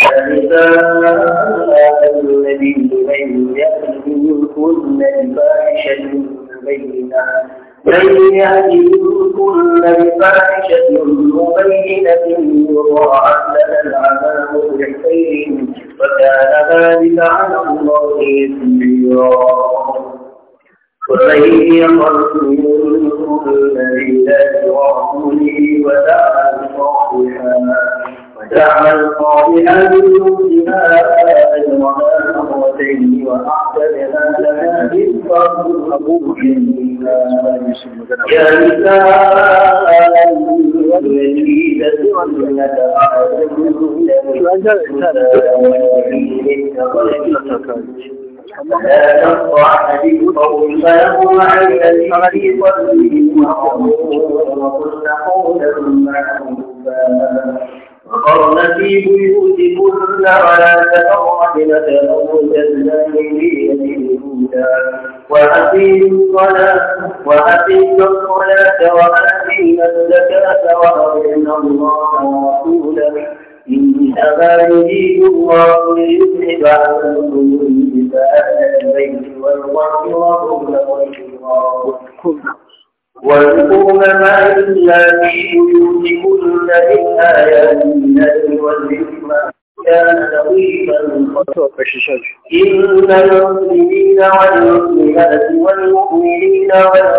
فنساء الذين من يأتيكن بفاحشة مبينة من يأتيكن بفاحشة مبينة يضاعف لنا العذاب ضعفين وكان ذلك على الله يسيرا ومن يقتل منكم لله ورسوله ودعا صالحا تعمل صالحا يؤتها أجرها مرتين وأعتدنا لها رزقا يا نساء الذين سنة أحدكم لا تطع بقول فيقوم على الحديث وقل قولا معروفا وقرن في بيوتكن ولا تبرجن تبرج الجاهلية الأولى وأقيموا الصلاة وأقيموا الصلاة وآتينا الزكاة وأطعنا الله ورسوله إن أبا يريد الله ليذهب عنكم الرجس أهل البيت ويطهركم الله واذكرن ما إلا في بيوتكن من آيات الله والحكمة إن المسلمين والمسلمات والمؤمنين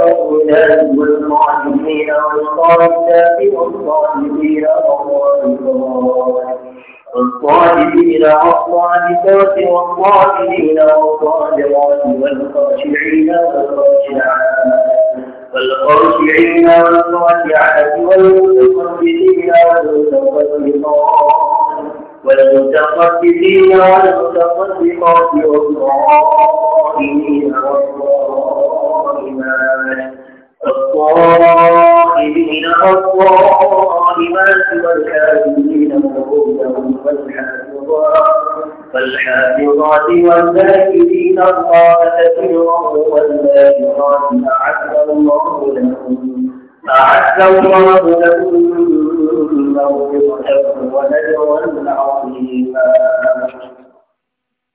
والمؤمنات والمعلمين والصالحات والصالحين والصالحات والصالحين والصادقات والصالحين والصادقات والخاشعين والخاشعين والخاشعات والمتقدمين والمتقدمات والمتقدمين والمتقدمات والصائمين والصائمات الصائمين الظالمين والظالمات فالحافظات والذاكرين الله كثيرا والذاكرات أعد الله لهم أعد الله لهم مغفرة ونجوا عظيما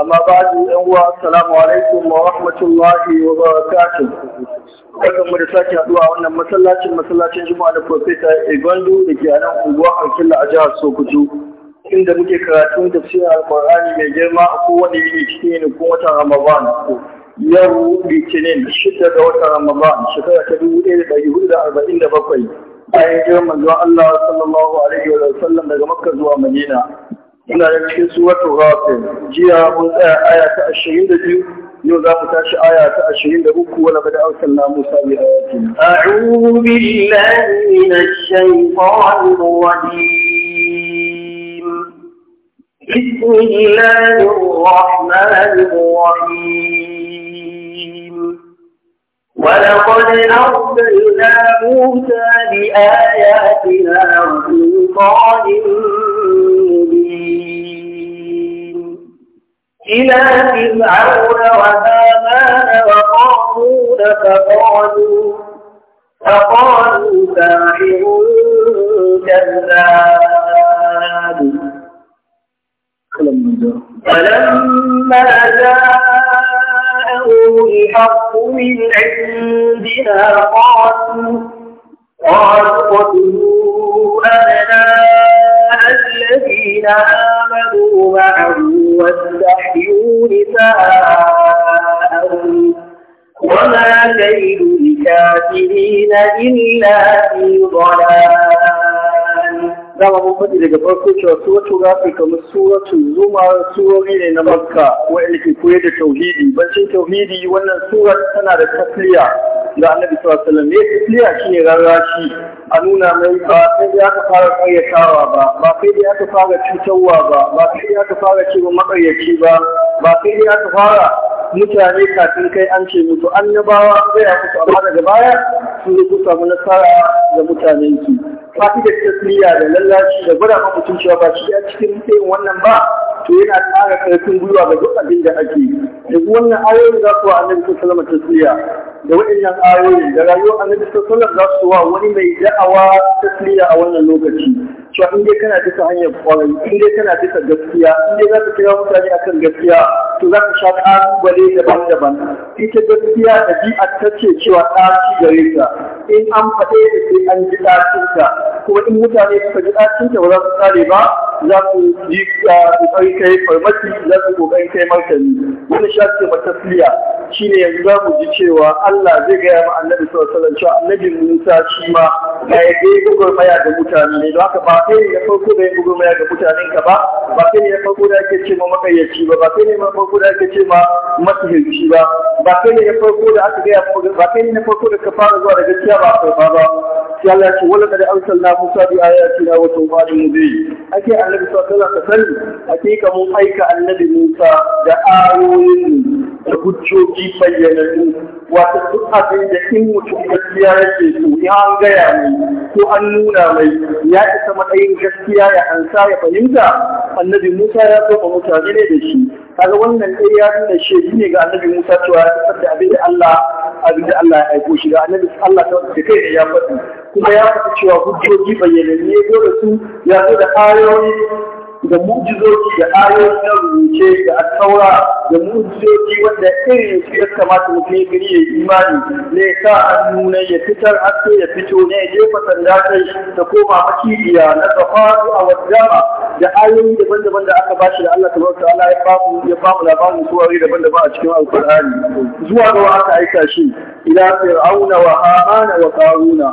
amma ba da yan uwa assalamu alaikum wa rahmatullahi wa barakatuh barkan mu da sake haduwa wannan masallacin masallacin juma'a da profesa Igondo da ke a nan unguwa Alkilla a jihar Sokoto inda muke karatun da tafsirin Alqur'ani mai girma a kowane yini cikin yini ko watan Ramadan yau Litinin shida ga watan Ramadan shekara ta dubu ɗaya da ɗari hudu da arba'in da bakwai bayan girman zuwa Allah sallallahu alaihi wa sallam daga Makka zuwa Madina muna da cikin suratu ghafir jiya mun tsaya aya ta 22 yau za mu tashi aya ta 23 wala bada arsalna Musa bi ayatina a'udhu billahi minash shaitanir rajim بسم الله الرحمن الرحيم ولقد أرسلنا موسى بآياتنا رسولا إلى فرعون وهامان وقارون فقالوا فقالوا ساحر كذاب فلما جاءه الحق من عندنا قالوا قالوا قتلوا أبناء الذين آمنوا معه واستحيوا نساءهم وما كيد الكافرين إلا في ضلال dama mun faɗi daga farko cewa suratu rafi kamar suratu zuma surori ne na makka wa'anda ke koyar da tauhidi bacin tauhidi wannan surar tana da tafliya da annabi sallallahu alaihi wasallam ne tasliya shine rarrashi a nuna mai ba sai dai aka fara karyatawa ba ba sai dai aka fara cutarwa ba ba sai dai aka fara cewa makaryaci ba ba sai dai aka fara mutane kafin kai an ce musu annabawa zai ya musu amma daga baya sun yi kusa nasara ga mutanen ki fati da tasiriya da lallashi da gwada ma mutum cewa ba shi ya cikin irin wannan ba to yana ƙara ƙarfin gwiwa ga duk abin da ake da wannan ayoyin za su wa annabi sallallahu salama tasiriya da waɗannan ayoyin da rayuwar annabi sallallahu salama za su wa wani mai da'awa tasiriya a wannan lokaci cewa in dai kana bisa hanyar kwarai in dai kana bisa gaskiya in dai za ka kira mutane akan gaskiya to za ka sha ƙalubale daban-daban ita gaskiya ɗabi'a ta ce cewa ɗaci gare ka in an faɗe da sai an ji ɗacinta kuma in mutane suka ji ɗacinta ba za su tsare ba za su yi ah, ƙoƙari kai farmaki za su ƙoƙari kai martani wani sha ce shine yanzu za mu ji cewa Allah zai gaya ma annabi sallallahu alaihi wasallam cewa annabi Musa shi ma da ya je gugurmaya da mutane ne don haka ba kai ne na farko da ya gugurmaya da mutanen ka ba ba kai ne na farko da ake ce ma makayyaci ba ba kai ne na farko da ake ce ma masihirci ba ba kai ne na farko da aka gaya ba kai ne na farko da ka fara zuwa da gaskiya ba a karɓa ba sai Allah ya ce wala kada na Musa bi ayatina wa tawfanin mubin ake annabi sallallahu alaihi wasallam ka sani ake mun aika annabi Musa da ayoyin da hujjoji bayyanannu wata duk abin da in mutum gaskiya yake so ya an gaya mai ko an nuna mai ya isa matsayin gaskiya ya ansa ya fahimta annabi Musa ya soka mutane ne da shi kaga wannan ɗaya ya nuna shi ne ga annabi Musa cewa ya fitar da abin da Allah abin da Allah ya aiko shi ga annabi Allah ta da kai ya faɗi kuma ya faɗi cewa hujjoji zo da su ya zo da ayoyi da mujizoji da ayoyi na rubuce da asaura da mujizoji wanda irin su ya kamata mutum ya gani ya yi imani ne ya sa hannu nuna ya fitar haske ya fito ne ya jefa sanda kai da koma makibiya na tsafatu a wajama da ayoyi daban-daban da aka bashi da Allah tabaraka ta'ala ya bamu ya bamu labarin suwari daban-daban a cikin alkur'ani zuwa ga aka aika shi ila fir'auna wa hamana wa qaruna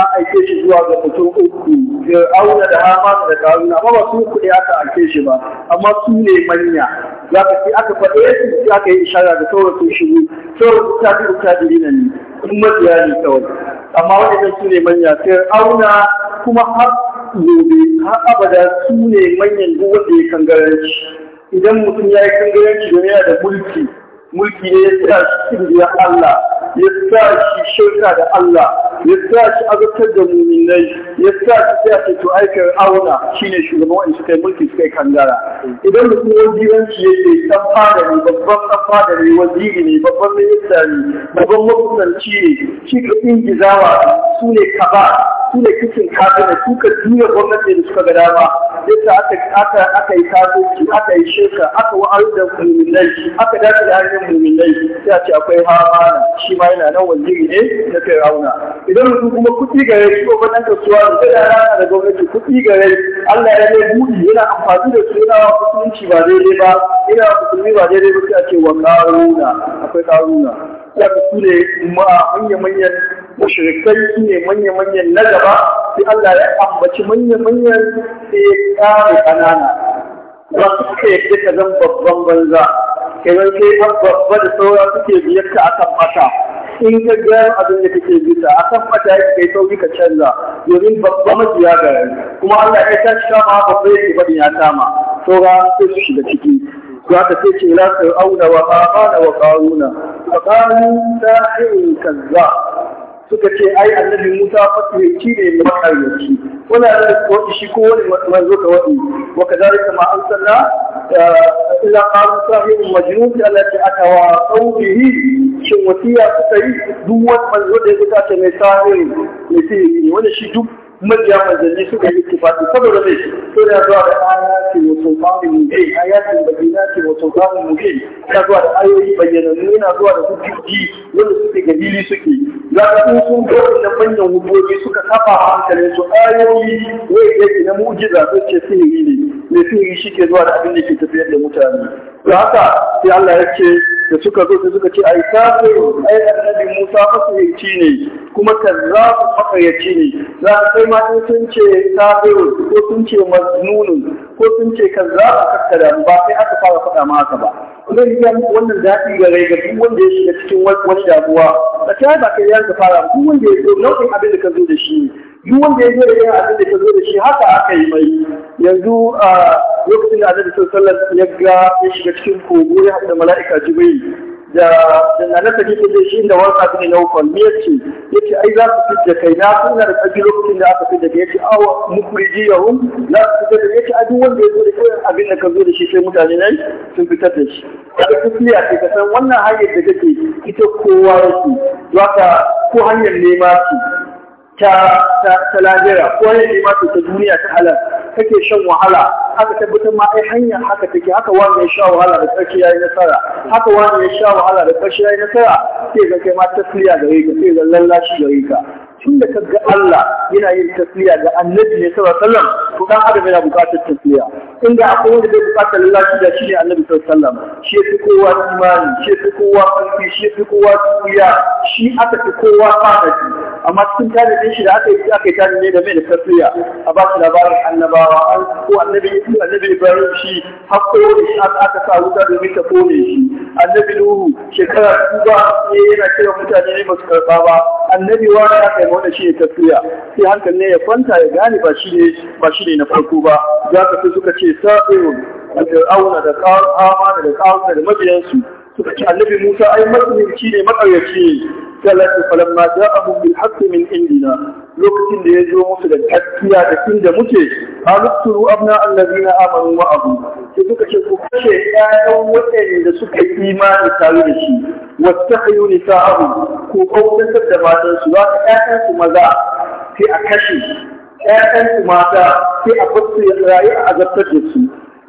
an aike shi zuwa ga mutum uku fir'auna da haman da karuna amma ba su aka ake shi ba amma su ne manya za ka ce aka ce su sai aka yi ishara da sauran sun shigo sauran su tafi da tajiri ne, ne sun matsiya ne kawai amma waɗannan su ne manya sai auna kuma har gobe har abada su ne manyan duk wanda ya kangaranci idan mutum ya yi kangaranci domin yana da mulki mulki ne ya shi ya Allah ya sa shi shirka da Allah ya sa shi azabtar da muminai ya sa shi sai to aikar auna shine shugaban wani suka yi mulki suka yi kangara idan mutum ya yake dan fada ne babban dan fada ne waziri ne babban minista ne babban makusanci ne shi ka ingizawa su ne kaba su ne kicin kabinet su ka juya gwamnati da suka ga dama yadda aka aka yi kasuwanci aka yi shirka aka wa'ar da muminai aka dace da hanyar muminai sai a ce akwai hamana shi ma yana nan waziri ne na fir'auna idan mutum kuma kuɗi gare shi ko ɗan kasuwa da zai rana da gwamnati kuɗi gare Allah ya mai buɗi yana amfani da su yana musulunci ba daidai ba yana musulmi ba daidai ba sai a ce wa ƙaruna akwai ƙaruna ya fi su ne ma manya-manyan mushrikai su ne manya-manyan na gaba sai Allah ya ambaci manya-manyan sai ya kare ƙanana ba su suka yadda ka zan babban banza kenan sai an babba da saura suke biyar ka akan mata in ka gyaran abin da kake bisa akan mata ya kai sauki ka canza domin babba ya garin kuma Allah ya tashi kama babba ya ke ya kama saura sai su shiga ciki zaka ce ce la fir'auna wa qamana wa qaruna fa qalu sahirun kazzab suka ce ai annabi Musa fatihci ne makaryaci wala da ko shi ko wani manzo ka wadi wa kadalika ma ansalna eh, ila qalu sahibun majnun allati atawa qawmihi shin wasiya suka yi duk wani manzo da ya ce mai sahibin mai sihiri wanda shi duk mabiya manzanni suka yi ittifaqi saboda mai to da zuwa da ayati wa sultanin mubin ayatin bayyinati wa sultanin mubin yana zuwa da ayoyi bayyanannu yana zuwa da hujjoji wanda suke dalili suke za ka sun ga da manyan hujjoji suka kafa hankalin su ayoyi wai yake na mu'jiza sai ce sihiri ne mai sihiri shi ke zuwa da abin da ke tafiyar da mutane da haka sai Allah ya ce da suka zo sai suka ce ai kafir ai annabi Musa fasihirci ne kuma ya ce ne za ka kai ma sun ce sabiru ko sun ce majnunun ko sun ce kazzabu kakkada ba sai aka fara faɗa maka ba zai ga wannan daɗi ga rai ga duk wanda ya shiga cikin wani damuwa da kai ba kai yanka fara duk wanda ya zo nau'in abin da ka zo da shi duk wanda ya zo da irin abin da ka zo da shi haka aka yi mai yanzu a ah, lokacin da Annabi sallallahu alaihi wasallam ya ga ya shiga cikin kogo ya haɗa mala'ika Jibril da da na ta ne da shi da wasa bin laufan me yace yace ai za su fidda kai na suna da kaji lokacin da aka fidda yace aw mukrijiyahum la su da yace a duk wanda yazo da koyar abin da ka zo da shi sai mutane nan sun fitar da shi kaga kusliya ce ka san wannan hanyar da kake ita kowa yake zaka ko hanyar nema ce ta ta ko hanyar nema ce ta duniya ta halal kake shan wahala aka tabbatar ma ai hanyar haka take haka wani ya sha wahala da ƙarshe yi nasara haka wani ya sha wahala da ƙarshe yi nasara sai ga kai ma tasliya gare ka sai ga lallashi gare ka tun da kaga Allah yana yin tafiya ga annabi ne sallallahu sallam, to dan adam yana buƙatar tasliya inda akwai wanda zai buƙatar lallashi da shi ne annabi sallallahu alaihi wasallam shi fi kowa imani shi fi kowa ƙarfi shi fi kowa tsiya shi aka fi kowa fadaji amma cikin da shi da aka yi aka yi ne da mai da tafiya a ba shi labarin annabawa ko annabi annabi Ibrahim shi ne, shi aka sa wuta domin ta kone shi annabi Nuhu shekara duba ne eh, yana cewa mutane ne masu su karɓa ba annabi wani aka yi shi ne taswiya sai hankali ne ya kwanta ya gane ba shi ba na farko ba za ka sai suka ce sa'irun da fir'auna da amana da ƙaruna da mabiyansu suka ce annabi Musa ai matsinci ne makaryaci ne sai Allah falamma za bil haqqi min indina lokacin da ya zo musu da gaskiya da da muke alukturu abna allazina amanu wa abu sai suka ce ku kashe yayan waɗanda suka yi imani tare da shi wattaqiyu nisa'ahum ku kautatar da matan su za ka su maza sai a kashe ƴaƴan su mata sai a fasu ya rayu a azabtar da su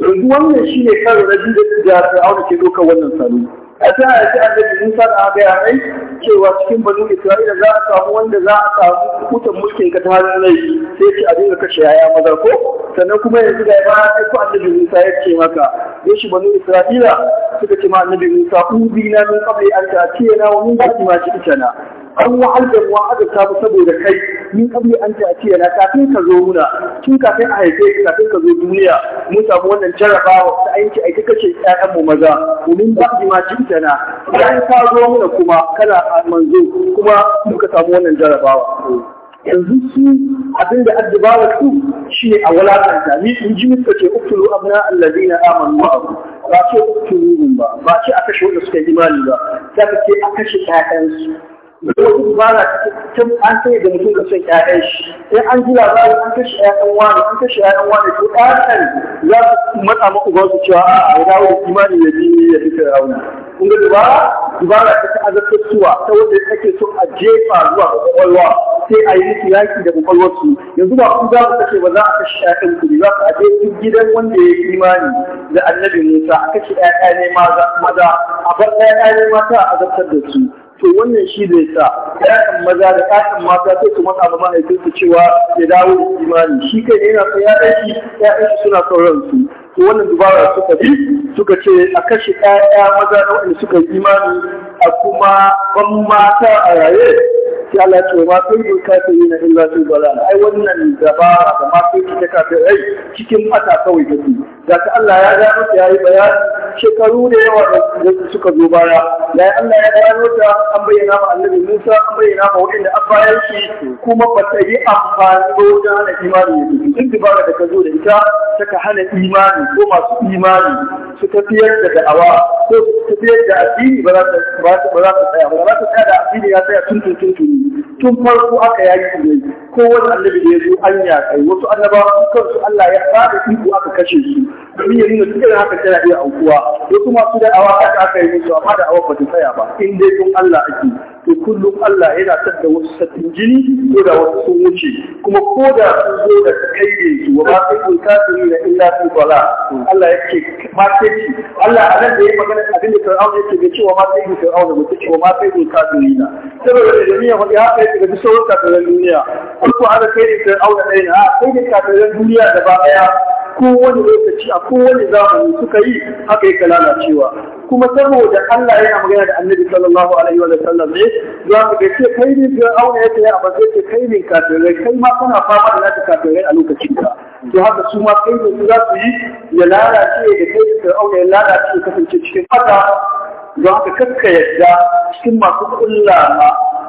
yanzu wannan shine karo na biyu da Fir'auna ke ɗaukar wannan salo a ta haifi annabi Musa da aka gaya mai cewa cikin banu Isra'ila za a samu wanda za a samu kutan mulkin ka ta hannun rai sai ce a dinga kashe yaya maza ko sannan kuma yanzu da ba sai ko annabi Musa ya ce maka ya shi banu Isra'ila suka ce ma annabi Musa ubi na min qabli an ta'tiyana wa min ba'di ma ji'tana an wa da mu aka samu saboda kai min kabli an ta ce na kafin ka zo muna tun kafin a haife ka kafin ka zo duniya mun samu wannan jarabawa ta aiki aiki kace ƴaƴan mu maza mun ba ki ma jintana dan ka zo muna kuma kana manzo kuma muka samu wannan jarabawa yanzu su abin da addubawa su shi ne a walakanta ni in ji muka ce uktulu abna alladina amanu ma'ahu ba ce uktulu ba ba ce a kashe wanda suka yi imani ba za ka ce a kashe ƴaƴansu da wasu ta cikin an sai da mutum da son ƴaƴan shi sai an ji labarin an kashe ƴaƴan wani an kashe ƴaƴan wani to ƴaƴan za su matsa maka ga su cewa a dawo da imani ya bi ya fi rauni. kun ga dubara dubara ta ta azabtarsuwa ta wanda kake so a jefa zuwa ga kwakwalwa sai a yi musu yaki da kwakwalwarsu yanzu ba ku za ku kashe ba za a kashe ƴaƴan ku za a aje duk gidan wanda ya yi imani da annabi Musa a kashe ƴaƴa ne maza a bar ƴaƴa ne mata a azabtar da su to wannan shi zai sa yakan maza da yakan mata sai su matsa ma mahaifinsu cewa ya dawo da imani shi kai yana son ya'yan shi ya'yan suna son ransu to wannan dubara suka bi suka ce a kashe ƴaƴa maza na waɗanda suka yi imani a kuma ban mata a raye sai Allah ya ce ma kai yin na illa sun bala ai wannan dabara da mata kai ta kafiri cikin mata kawai take ga Allah ya gano ta yayi bayani shekaru da yawa da suka zo baya ya Allah ya gano ta an bayyana ma annabi Musa an bayyana ma wanda an bayar shi kuma ba ta yi amfani ba wajen hana imani duk dubara da ka zo da ita ta ka hana imani ko masu imani su tafiyar da da'awa ko su tafiyar da addini ba za ta tsaya ba za ta tsaya da addini ya tsaya tun tun tun tun farko aka yaki ne ko wani annabi da ya zo an yaƙai wasu annabawa kansu Allah ya ba da iko aka kashe su domin ya nuna cikin haka tana iya aukuwa wasu masu da awa haka aka yi musu amma da awa ba ta tsaya ba in dai tun Allah ake to kullum Allah yana son da wasu sabbin jini ko da wasu sun wuce kuma ko da sun zo da kai da su wa ba sai kun yi da illa su bala Allah yake ma sai Allah a nan da yayi magana abin da Fir'aun yake ga cewa ma sai kun Fir'aun ba mutum cewa ma sai kun yi na saboda da jami'a wanda ya kai daga sauran kafiran duniya ko ana kai da Fir'aun da ɗaya a kai da kafiran duniya da ba ɗaya kowane lokaci a kowane zamani suka yi haka yake lalacewa kuma saboda Allah yana magana da Annabi sallallahu alaihi wa sallam ne za ku ga ce kai ne ga auna yake ya ba zai ce kai ne kafirai kai ma kana fama da naka kafirai a lokacin ka to haka su ma kai ne za su yi ya lalace da kai da auna ya lalace kasance cikin fata don haka kakka yadda cikin masu kulla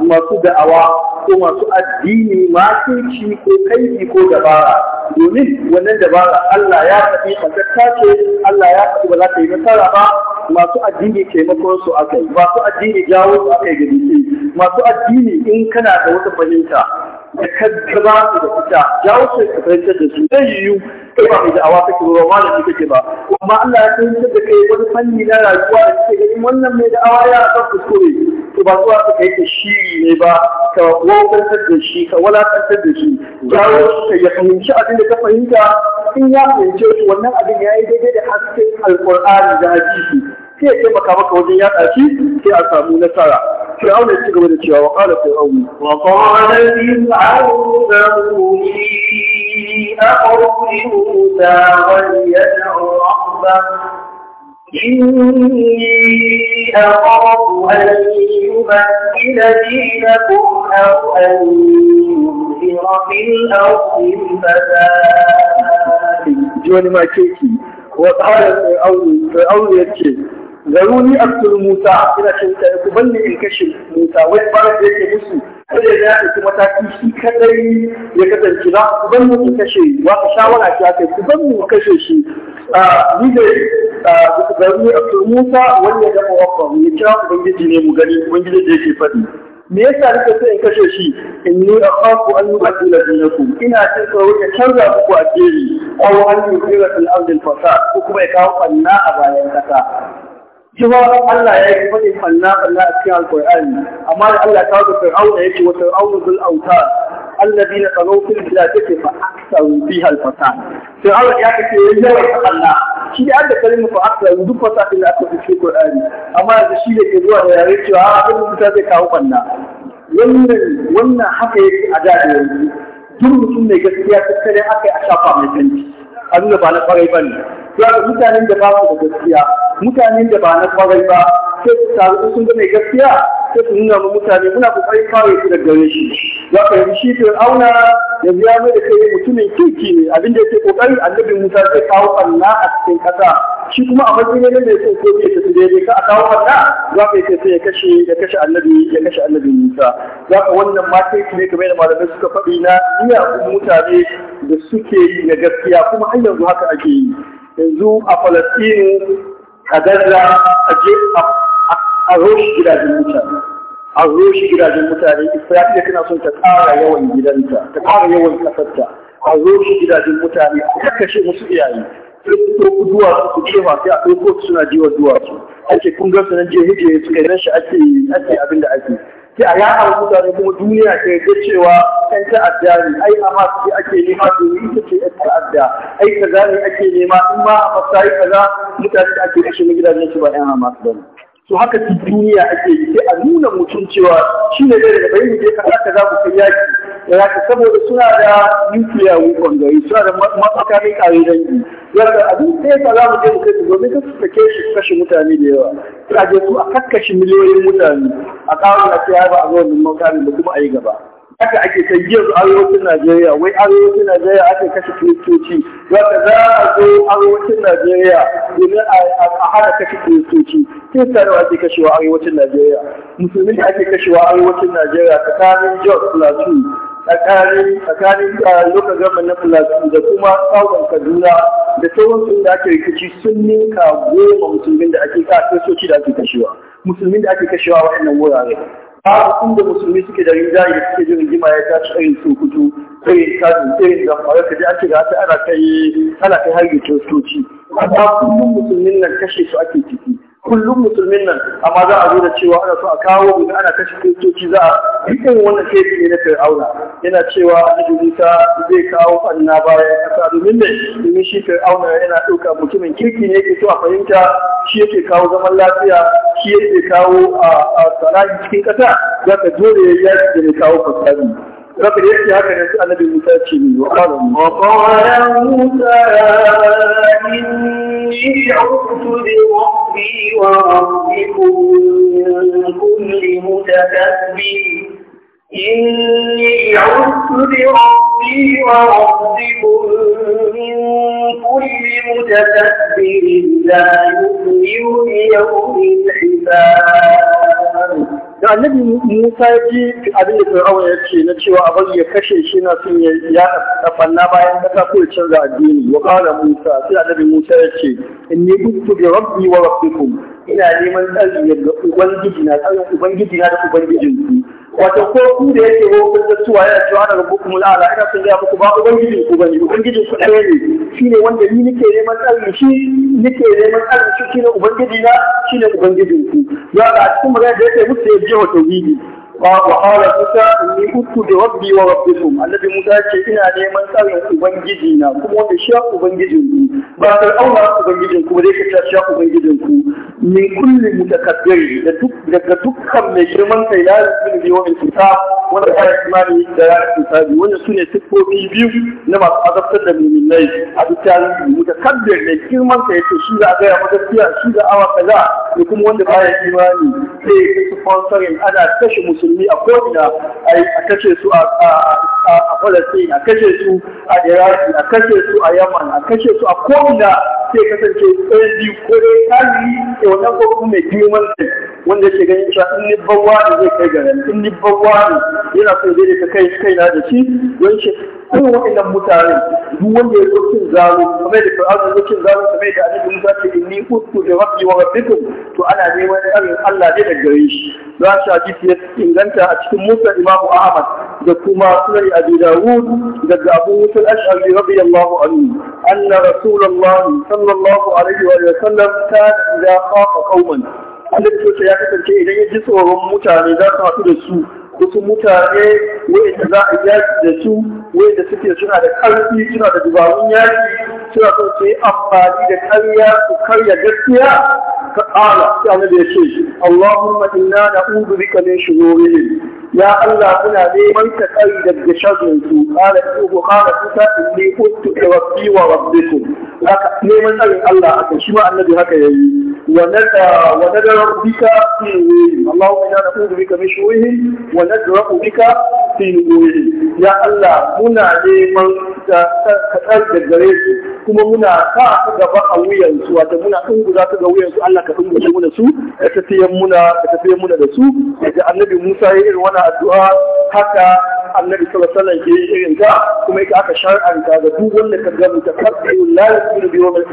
masu da'awa ko masu addini makinci ko kaifi ko dabara domin wannan dabara Allah ya faɗi fasatta ce Allah ya faɗi ba za ta yi nasara ba masu addini taimakon su akai masu addini jawo su akai gari masu addini in kana da wata fahimta da kaddama su da fita ya wuce ka fahimtar da su zai yiwu kai ba mai da'awa kake ba shi kake ba amma Allah ya fahimtar da kai wani fanni na rayuwa da kake ganin wannan mai da'awa ya san kuskure to ba zuwa ka kai ka shiri ne ba ka wautantar da shi ka walakantar da shi jawo ka ya fahimci abin da ka fahimta in ya fahimce shi wannan abin ya yi daidai da hasken alkur'ani da hadisi sai ya taimaka maka wajen yaɗa shi sai a samu nasara فرعون يتقوى لتشاء وقال فرعون وقال فرعون ذروني أخرج موسى وليدع ربه إني أخاف أن يمثل دينكم أو أن يظهر في الأرض الفساد. جوني ما كيكي وقال فرعون فرعون يتشاء ni aktul musa ina ce mutane ku banni in kashe musa wai barar da yake musu kada ya ɗauki mataki shi kadai ya kasance ba, ku banni in kashe wa ka shawara ki akai ku banni in kashe shi ni da zaruni aktul musa wanda ya dafa wakwa mu kira ubangiji ne mu gani ubangiji da yake faɗi me yasa nake so in kashe shi in ni a akhafu an yubdila dinakum ina jin tsoro ya canza muku addini aw an yubdila fil ardi fasad ko kuma ya kawo fanna a bayan kasa cewa Allah ya yi faɗin falla falla a cikin alƙur'ani amma da Allah ta zo fir'auna yake wa fir'auna zul auta allazi na tsaro fil bila take fa aksaru fi hal fir'auna ya kace yayi yawan Allah shi da Allah kalmar fa aksaru duk fasadin da aka fice Qur'ani amma yanzu shi da ke zuwa da yare cewa a abin ta zai kawo falla wannan wannan haka yake a da yanzu duk mutum mai gaskiya tattare aka yi a shafa mai canji abin da ba na kwarai ba ne ya mutanen da ba su da gaskiya mutanen da ba na kwarai ba sai su taru sun gane mai gaskiya sai su nuna mu mutane muna kokarin kawo su daga gare shi ya fahimci shi to auna yanzu ya mai da kai mutumin kirki ne abin da yake kokari annabi Musa zai kawo Allah a cikin ƙasa. shi kuma a matsayin ne mai son ko ya tafi daidai ka a kawo za ka yi kai ya kashe ya kashe annabi ya kashe annabi Musa za ka wannan ma sai ne kamar da malamai suka faɗi na iyakun mutane da suke yi na gaskiya kuma har yanzu haka ake yi yanzu a Falastinu a Gaza a je a roshi gidajen mutane a roshi gidajen mutane Isra'ila tana son ta ƙara yawan gidanta ta ƙara yawan kasarta a roshi gidajen mutane a kashe musu iyaye sai su ɗauku duwatsu su kewa a ɗauko su suna jiwa duwatsu ake kun ga su nan je hije suka yi shi ake ake abin da ake sai a yaɗa mutane kuma duniya ta yarda cewa yan ta'adda ne ai a masu ake nema domin ita ce ɗan ta'adda ai kaza ne ake nema in ma a Fasari kaza mutane da ake kashe na gidajen su ba 'yan amma. ba ne. to haka duniya ake yi sai a nuna mutum cewa shi ne da bai mu je kaza kaza mu kai yaki da saboda suna da nuclear weapon gari suna da makamin kare dangi yadda abin da ya za mu je mu kai domin ka suka ke shi kashe mutane da yawa sai je su a kakkashi miliyoyin mutane a kawo na sai ba a zo da makamin da kuma a yi gaba haka ake ta yi yanzu arewacin Najeriya wai arewacin Najeriya ake kashe kiristoci wanda za a zo arewacin Najeriya domin a hana kashe kiristoci kirista da ake kashewa arewacin Najeriya musulmi ake kashewa arewacin Najeriya tsakanin Jos Plateau tsakanin tsakanin local government na Plateau da kuma tsawon Kaduna da sauran sun da ake rikici sun ninka goma musulmin da ake ka soci da ake kashewa musulmin da ake kashewa waɗannan wurare babu inda musulmi suke da rinjaye da suke jin rigima ya tashi irin su kudu irin kanu irin zamfara ka ji ake gata ana kai ana kai har yi tostoci amma kullum musulmin nan kashe su ake ciki kullum musulmin nan amma za a zo da cewa ana so a kawo domin ana kashe kristoci za a dukkan wannan kefi ne na fir'auna yana cewa annabi musa zai kawo fanna baya. kasa domin ne domin shi fir'auna yana ɗauka mutumin kirki ne yake so a fahimta shi yake kawo zaman lafiya shi yake kawo a tsananin cikin ƙasa za ka dole ya yi yaki da mai kawo fasadi zaka da yake haka ne su annabi Musa ce ni wa qala wa qala Musa inni a'udhu bi rabbi wa rabbikum min kulli mutakabbir إني عدت بربي وربكم من كل متكبر لا يؤمن بيوم الحساب da annabi Musa ji abin da Fir'aun ya ce na cewa abin ya kashe shi na son ya tafanna bayan kasa ko ya canza addini wa kawo Musa sai annabi Musa ya ce in inni kuntu bi rabbi wa rabbikum ina neman tsari daga ubangiji na tsarin ubangiji na da ubangijin ku wato ko ku da yake ko kun da cewa ya cewa ana rubu kuma ala ina son ya muku ba ubangijin ku bane ubangijin ku ɗaya ne shine wanda ni nake neman tsarin shi nake neman tsarin shi shine ubangiji na shine ubangiji ku ya ga cikin magana da yake musu ya je wa tauhidi وقال موسى إني كنت بربي وربكم النبي موسى ce ina neman tsarin ubangiji na kuma wanda shi ubangijin ku ba sai auna ubangijin ku ba zai ka shi ubangijin ku min kulli mutakabbir da duk daga dukkan mai girman kai la yusin bi wani tuta wanda ya imani da ya tuta bi wanda sune sifofi biyu na masu azabtar da mu'minai a dukkan mutakabbir da girman kai yake shi za a ga maka gaskiya shi za a kaza da kuma wanda baya imani sai su sponsorin ana kashe musulmi musulmi a ko'ina a kashe su a Falastin, a kashe su a Iraki, a kashe su a Yaman, a kashe su a ko'ina sai kasance ɗayan biyu ko dai kafiri da wannan gwamnati mai girman sai wanda ke ganin cewa in ni bawa zai kai garin in ni bawa ne yana so zai da kai kai na da shi don shi kuma waɗannan mutane duk wanda ya zo zaro. zalo kamar da fir'aun zo zaro, zalo kamar da annabi Musa ce ni, uttu da rabbi wa rabbikum to ana neman tsarin Allah ne da gare shi za shi jifiyar in inganta a cikin musa imamu ahmad da kuma sunan abi dawud daga abu musa al-ash'ari radiyallahu anhu anna rasulullahi sallallahu alaihi wa sallam kana idza qafa qauman annabi ya kasance idan ya ji tsoron mutane za su haɗu da su wasu mutane wanda za a yaki da su wanda suke suna da ƙarfi suna da dubarun yaki suna son su yi amfani da karya su karya gaskiya ka ƙala sai annabi ya ce Allahumma inna na'udhu bika min shururihim يا الله أنا لمن تقيد بشر قال أبو قال موسى إني كنت ربي وربكم لمن أي الله أكشف النبي هكذا وندى وندى بك في نورهم اللهم إنا نعوذ بك من شرورهم ونجرأ بك في نورهم يا الله منا لمن تقيد بشر kuma muna sa su gaba a wuyansu wato muna guda su ga wuyansu Allah ka dunguza muna su da tafiyan muna da tafiyan muna da su da annabi Musa ya irin wannan addu'a haka annabi sallallahu alaihi wasallam ke irin ta kuma aka shar'anta ga duk wanda ka ga mutakabbirun la yasbiru bi yawmil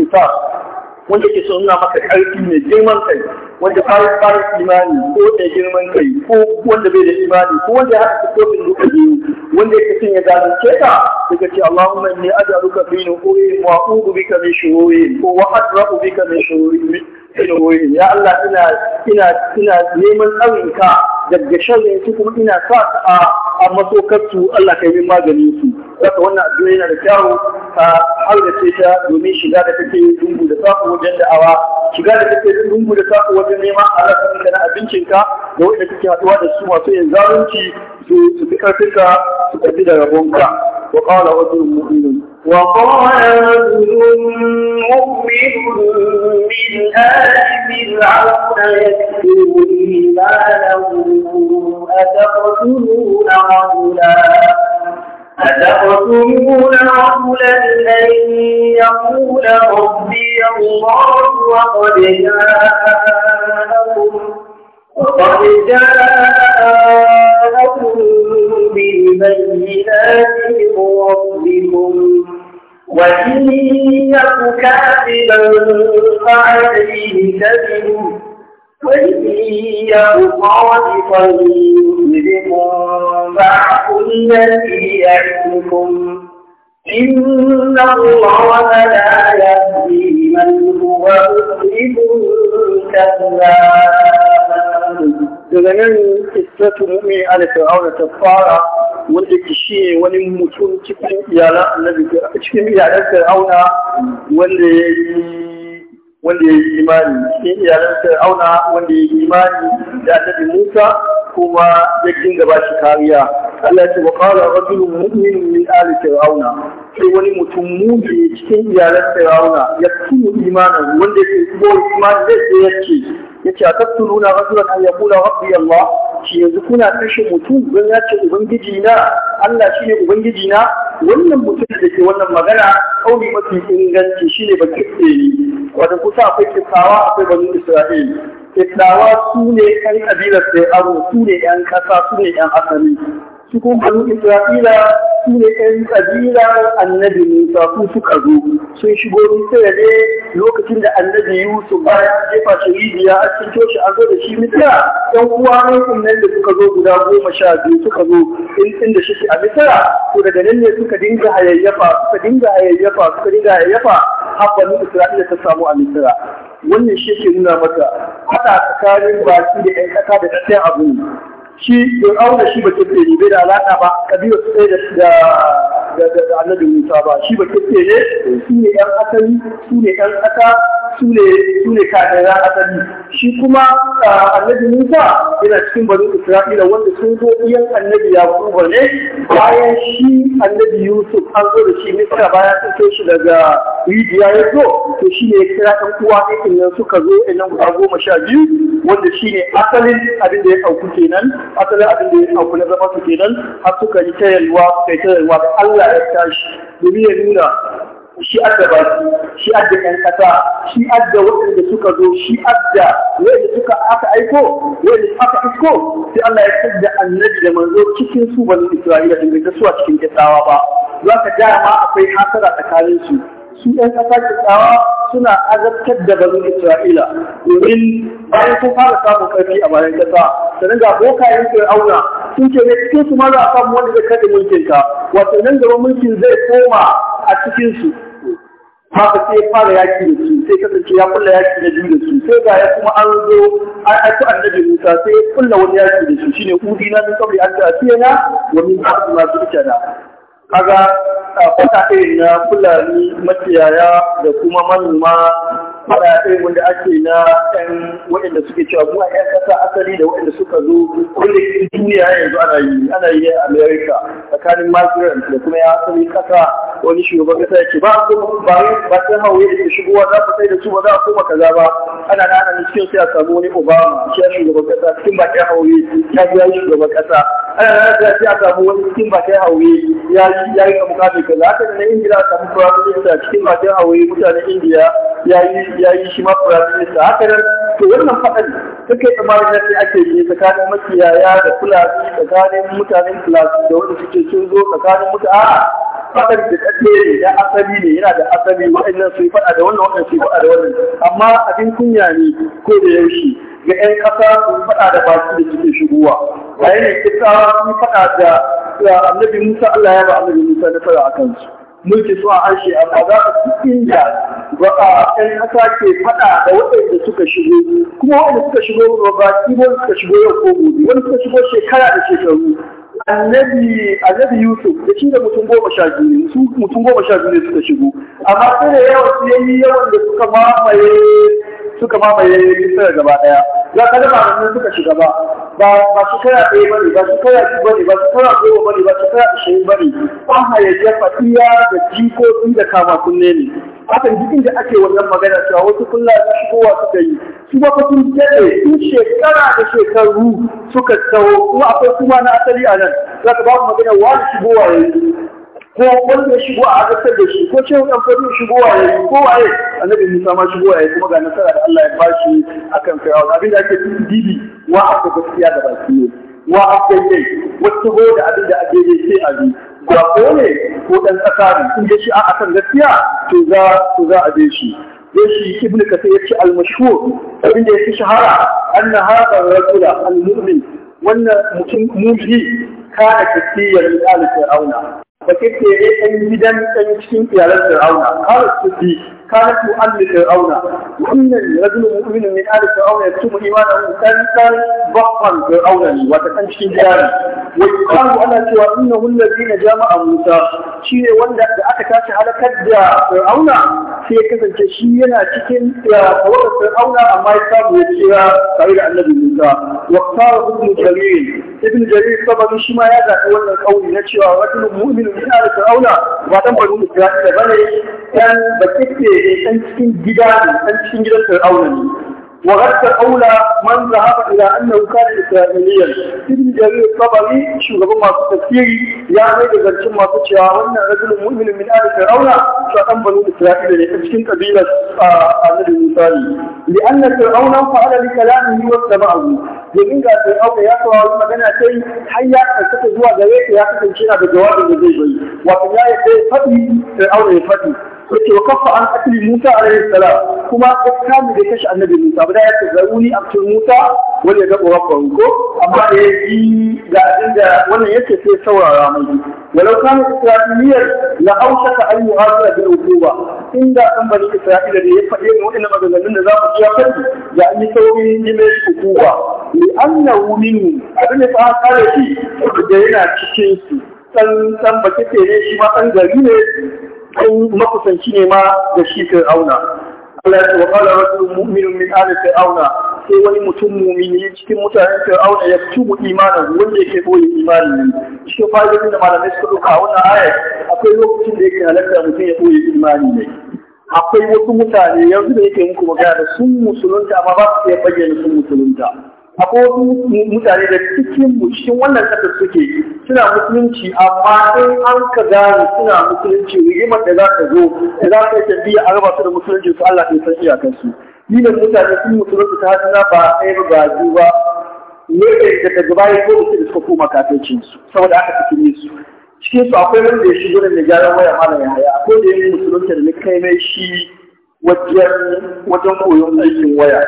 wanda ke so nuna maka ƙarfi mai girman kai wanda ba fara imani ko da girman kai ko wanda bai da imani ko wanda ya haɗa kofin duka biyu wanda ya kasan ya zalunce ka daga ce Allahumma inni aj'aluka fi nuhuri wa a'udhu bika min shururi ko wa atrabu bika min shururi ya Allah ina ina ina neman tsarinka daga sharrin su kuma ina sa a a masokarsu Allah ka yi magani su saka wannan addu'a yana da kyau. haurace ta domin shiga da take dungu da saƙo wajen da'awa shiga da take dungu da saƙo wajen neman alaƙa dana abincin abincinka da wanda kake haɗuwa da su masu yin zalunci su fi ƙarfinka su tafi da rabonka wa ƙara wasu mu'minin وقال رجل مؤمن من آل فرعون يكتب إيمانه أتقتلون رجلا أتقتلون رجلا أن يقول ربي الله وقد جاءكم وقد جاءكم بالبينات من ربكم وإن يك كاذبا فعليه كذبه وإن يخالفا يذبكم بعض الذي يعدكم إن الله لا يهدي من هو مسلم كذاب daga nan istratu mumi ala fir'auna ta fara wanda ke shi wani mutum cikin iyalan annabi cikin iyalan fir'auna wanda ya yi wanda ya yi imani cikin iyalan fir'auna wanda ya yi imani da annabi musa kuma ya dinga ba shi kariya Allah ya ce wa qala rajulun mu'minun min ali fir'auna sai wani mutum mu'mini cikin iyalan fir'auna ya tunu imanin wanda ya ko imani da ya ce yace wasu rajulan an yaqula rabbi Allah shi yanzu kuna kashe mutum don ya ce ubangiji na Allah shi ne ubangiji na wannan mutum da ke wannan magana kauli mafi inganci shine ba kitse tsere. wata kusa akwai kitsawa akwai banu Isra'il kitsawa su ne kan kabilar sai aro su ne yan ƙasa su ne yan asali su Isra'ila su ne ‘yan kabila annabi Musa su suka zo sun shigo Misira ne lokacin da annabi Yusuf bayan jefa shi rijiya a cikin shi an zo da shi Misira ‘yan uwa ne kunnen da suka zo guda goma sha biyu suka zo in da shi a Misira to daga nan ne suka dinga hayayyafa suka dinga hayayyafa suka dinga hayayyafa har banu Isra'ila ta samu a Misira wannan shi ke nuna mata haɗa tsakanin baki da ‘yan ƙasa da a abu shi da shi ba kifte ne bai da alaka ba kabila su ɗaya da da annabi Musa ba shi ba kifte ne su ne ɗan asali su ne ɗan ƙasa su ne su ne asali shi kuma annabi Musa yana cikin bari Isra'ila wanda sun zo iyan annabi Yakubu ne bayan shi annabi Yusuf an zo da shi Misra bayan sun kai shi daga Rijiya ya zo to shi ne kira ɗan uwa ɗin nan suka zo ɗan guda goma sha biyu wanda shi ne asalin abin da ya ɗauku kenan asalin abin da ya abu na zama su kenan har suka yi ta yalwa suka yi ta yalwa Allah ya tashi domin ya nuna shi adda su shi adda ƴan kasa shi adda waɗanda suka zo shi adda wanda suka aka aiko wanda aka isko sai Allah ya tsada annabi da manzo cikin su bani Isra'ila din da su cikin kisawa ba za ka dama akwai hasara tsakanin su su ɗan ƙasa tsawa suna azabtar da bari Isra'ila domin bayan sun fara samun ƙarfi a bayan ƙasa sannan ga bokayen Fir'auna sun ce ne cikin su ma za a samu wanda zai kada mulkin ka wato nan gaba mulkin zai koma a cikin su haka sai ya fara yaki da su sai kasance ya kulla yaki na biyu da su sai ga ya kuma an zo an aiko annabi Musa sai ya kulla wani yaki da su shine na min qabli an ta'tiyana wa min ba'di ma tu'tana kaga fata irin na fulani makiyaya da kuma manoma fara irin wanda ake na ƴan waɗanda suke cewa kuma ƴan ƙasa asali da waɗanda suka zo kullum duniya yanzu ana yi ana yi a America tsakanin migrant da kuma ya asali ƙasa wani shugaban ƙasa yake ba ko ba ba sai hawaye da shigowa za su sai da su ba za a koma kaza ba ana da ana cikin sai a samu wani Obama shi shugaban ƙasa cikin bakin hawaye ya biya shugaban ƙasa ana eh, nan sai sai aka samu wani cikin bakin haure ya yi ya yi kamuka mai kaza haka da na ingila aka samu firaminista cikin bakin haure mutanen indiya ya yi ya yi shi ma firaminista haka nan to wannan faɗan ta kai tsammanin nan ne ake yi tsakanin makiyaya da fulani tsakanin mutanen fulani da wanda suke sun zo tsakanin mutane fadar da kaɗe ya asali ne yana da asali waɗannan sun faɗa da wannan waɗannan sun faɗa da wannan amma abin kunya ne ko da yaushe ga 'yan ƙasa sun faɗa da baki da suke shigowa yayin ne kisa sun faɗa da annabi Musa Allah ya ba annabi Musa na nasara a kansu. mulki su a harshe amma za a cikin da ba a 'yan ƙasa ke faɗa da waɗanda suka shigo kuma waɗanda suka shigo ba ba suka shigo yau ko gobe wani suka shigo shekara da shekaru annabi Yusuf da shi da mutum goma sha biyu su mutum goma sha biyu suka shigo amma sai da yawan su yayi da suka mamaye suka mamaye Misra gaba daya ya kada ba nan suka shiga ba ba ba su kaya ɗaya bane ba su kaya biyu bane ba su kaya goma bane ba su kaya ashirin bane an hayayya fatiya da jikoki da kama kunne ne hakan jikin da ake wannan magana cewa wasu kullayen shigowa suka yi su ba fa sun daɗe sun shekara da shekaru suka tsawo kuma akwai kuma na asali a nan za ka ba mu magana wani shigowa yanzu ko wanda shigo a azabtar da shi ko ce wani amfani shigo a yi ko waye annabi Musa ma shigo a yi kuma ga nasara da Allah ya bashi akan Fir'aun abin da ake dibi wa aka gaskiya da baki ne wa aka yi wata go da abin da ake yi sai a bi ba ko ne ko dan kasa ne in shi a akan gaskiya to za to za a bi shi Ya shi ibnu kasir yace al-mashhur abin da yake shahara anna hadha ar-rajula al wannan mutum mu'min kana kafiyar al-fir'auna ba kake ne ɗan gidan ɗan cikin iyalan Fir'auna har su bi كانت تؤمن فرعون وان رجل مؤمن من ال فرعون يكتم ايمانه كان بقا فرعون وتكنشي جاري ويقال انا سوى انه الذين جامع موسى شيء wanda da aka tashi halakar da fir'auna sai ya kasance shi yana cikin tawar fir'auna amma ya samu ya kira tare da annabi Musa wa qala ibn jarir ibn jarir sabani shi ma ya zaɓi wannan kauli na cewa rajulun min fir'auna ba dan bani bane dan ba kike ne ɗan cikin gida ne ɗan cikin gidan fir'auna ne wa gadda aula man zahaba ila annahu kana isra'iliyan ibn jarir tabari shugaban masu tafsiri ya mai da zancin masu cewa wannan rajulun mu'minin min ali fir'auna to dan banu isra'ila ne cikin kabilar annabi musa ne li anna fir'auna fa'ala li kalamihi wa sama'ahu domin ga fir'auna ya saurari magana sai har ya karkata zuwa gare ya kasance yana da jawabin da zai bai wato ya yi sai faɗi fir'auna ya faɗi yake wa kafa an qatl Musa alaihi salam kuma kakkani da kashi annabi Musa ba da ya tsaruni abtul Musa wani ya gaba rabbahu ko amma da yi ga inda wannan yake sai saurara mai walau kana isra'iliyar la awshaka an yu'azira bil uquba inda an bani isra'ila da ya faɗi ne wannan maganganun da za ku ji akan ya an yi saurin yi mai uquba li annahu minhu abin da ta kare shi da yana cikin su san san ba kike ne shi ma an gari ne kai makusanci ne ma da shi auna. Allah ya ce wa qala rajulun mu'minun min sai wani mutum mumini cikin mutanen fir'auna ya tubu imanin wanda yake boye imanin ne shi fa'idodin da malamai suka a wannan ayat akwai lokacin da yake halatta mutum ya boye imani ne akwai wasu mutane yanzu da yake muku magana da sun musulunta amma ba su iya bayyana sun musulunta akwai wasu mutane da cikin mu cikin wannan kasar suke suna musulunci amma in an ka gane suna musulunci rigimar da za ta zo da za ta yi tafiya a raba su da musulunci su Allah ɗin san iyakansu ni da mutane sun musulunci ta hasina ba ɗaya ba biyu ba ne da daga ya ko da suka koma kafincinsu saboda aka fitine su cikin su akwai wanda ya shigo da mai gyaran waya mana ya haya akwai da ya yi musulunci da ni kai mai shi wajen wajen koyon aikin waya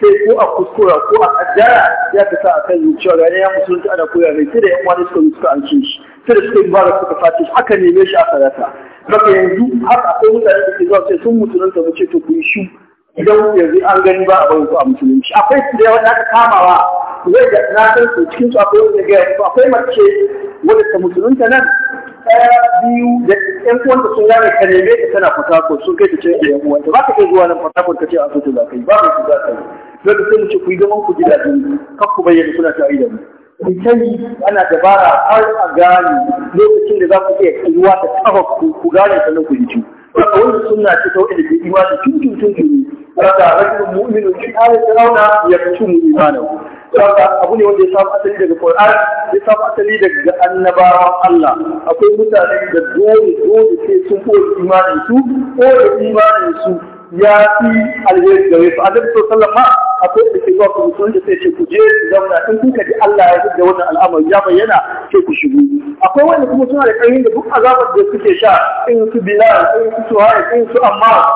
sai ko a kuskura ko a kaddara ya ka sa akan yi cewa ya musulunci ana koya mai sai da yan wani suka suka an shi sai da suka yi bara suka fati aka neme shi aka rasa baka yanzu haka akwai mutane da ke zuwa sai sun musulunta mu ce to ku idan yanzu an gani ba a bai su a musulunci akwai su da wanda aka kamawa zai ga na san su cikin su akwai wanda ga su akwai mace wanda ta musulunta nan ɗaya biyu da ƴan uwanta sun gane ka neme ta tana fatako sun kai ta ce a ƴan uwanta ba ka kai zuwa nan fatako ta ce a so ta za ka yi ba ka su za ka yi zai ka sai mu ce ku yi zaman ku gidajen ku kan ku bayyana suna ta da mu kai ana dabara har a gane lokacin da za ku iya ruwa ta kafa ku gane ta ku ji Wanda wanda suna ce ta wanda ke imani tuntun tuntun ne. Wanda rajulun mu'minu shi ala tarawna ya fitu mu imanahu. Wanda abu ne wanda ya samu asali daga Qur'an ya samu asali daga annabawa Allah. Akwai mutane da dole dole sai sun koyi imanin su, da imanin su ya fi alheri gare su annabi sallama ma akwai da ke zuwa ku sai ce ku je zauna in kuka ji Allah ya da wannan al'amari ya bayyana sai ku shigo akwai wanda kuma suna da ƙarfin da duk azabar da suke sha in su bila in su suhaib in su amma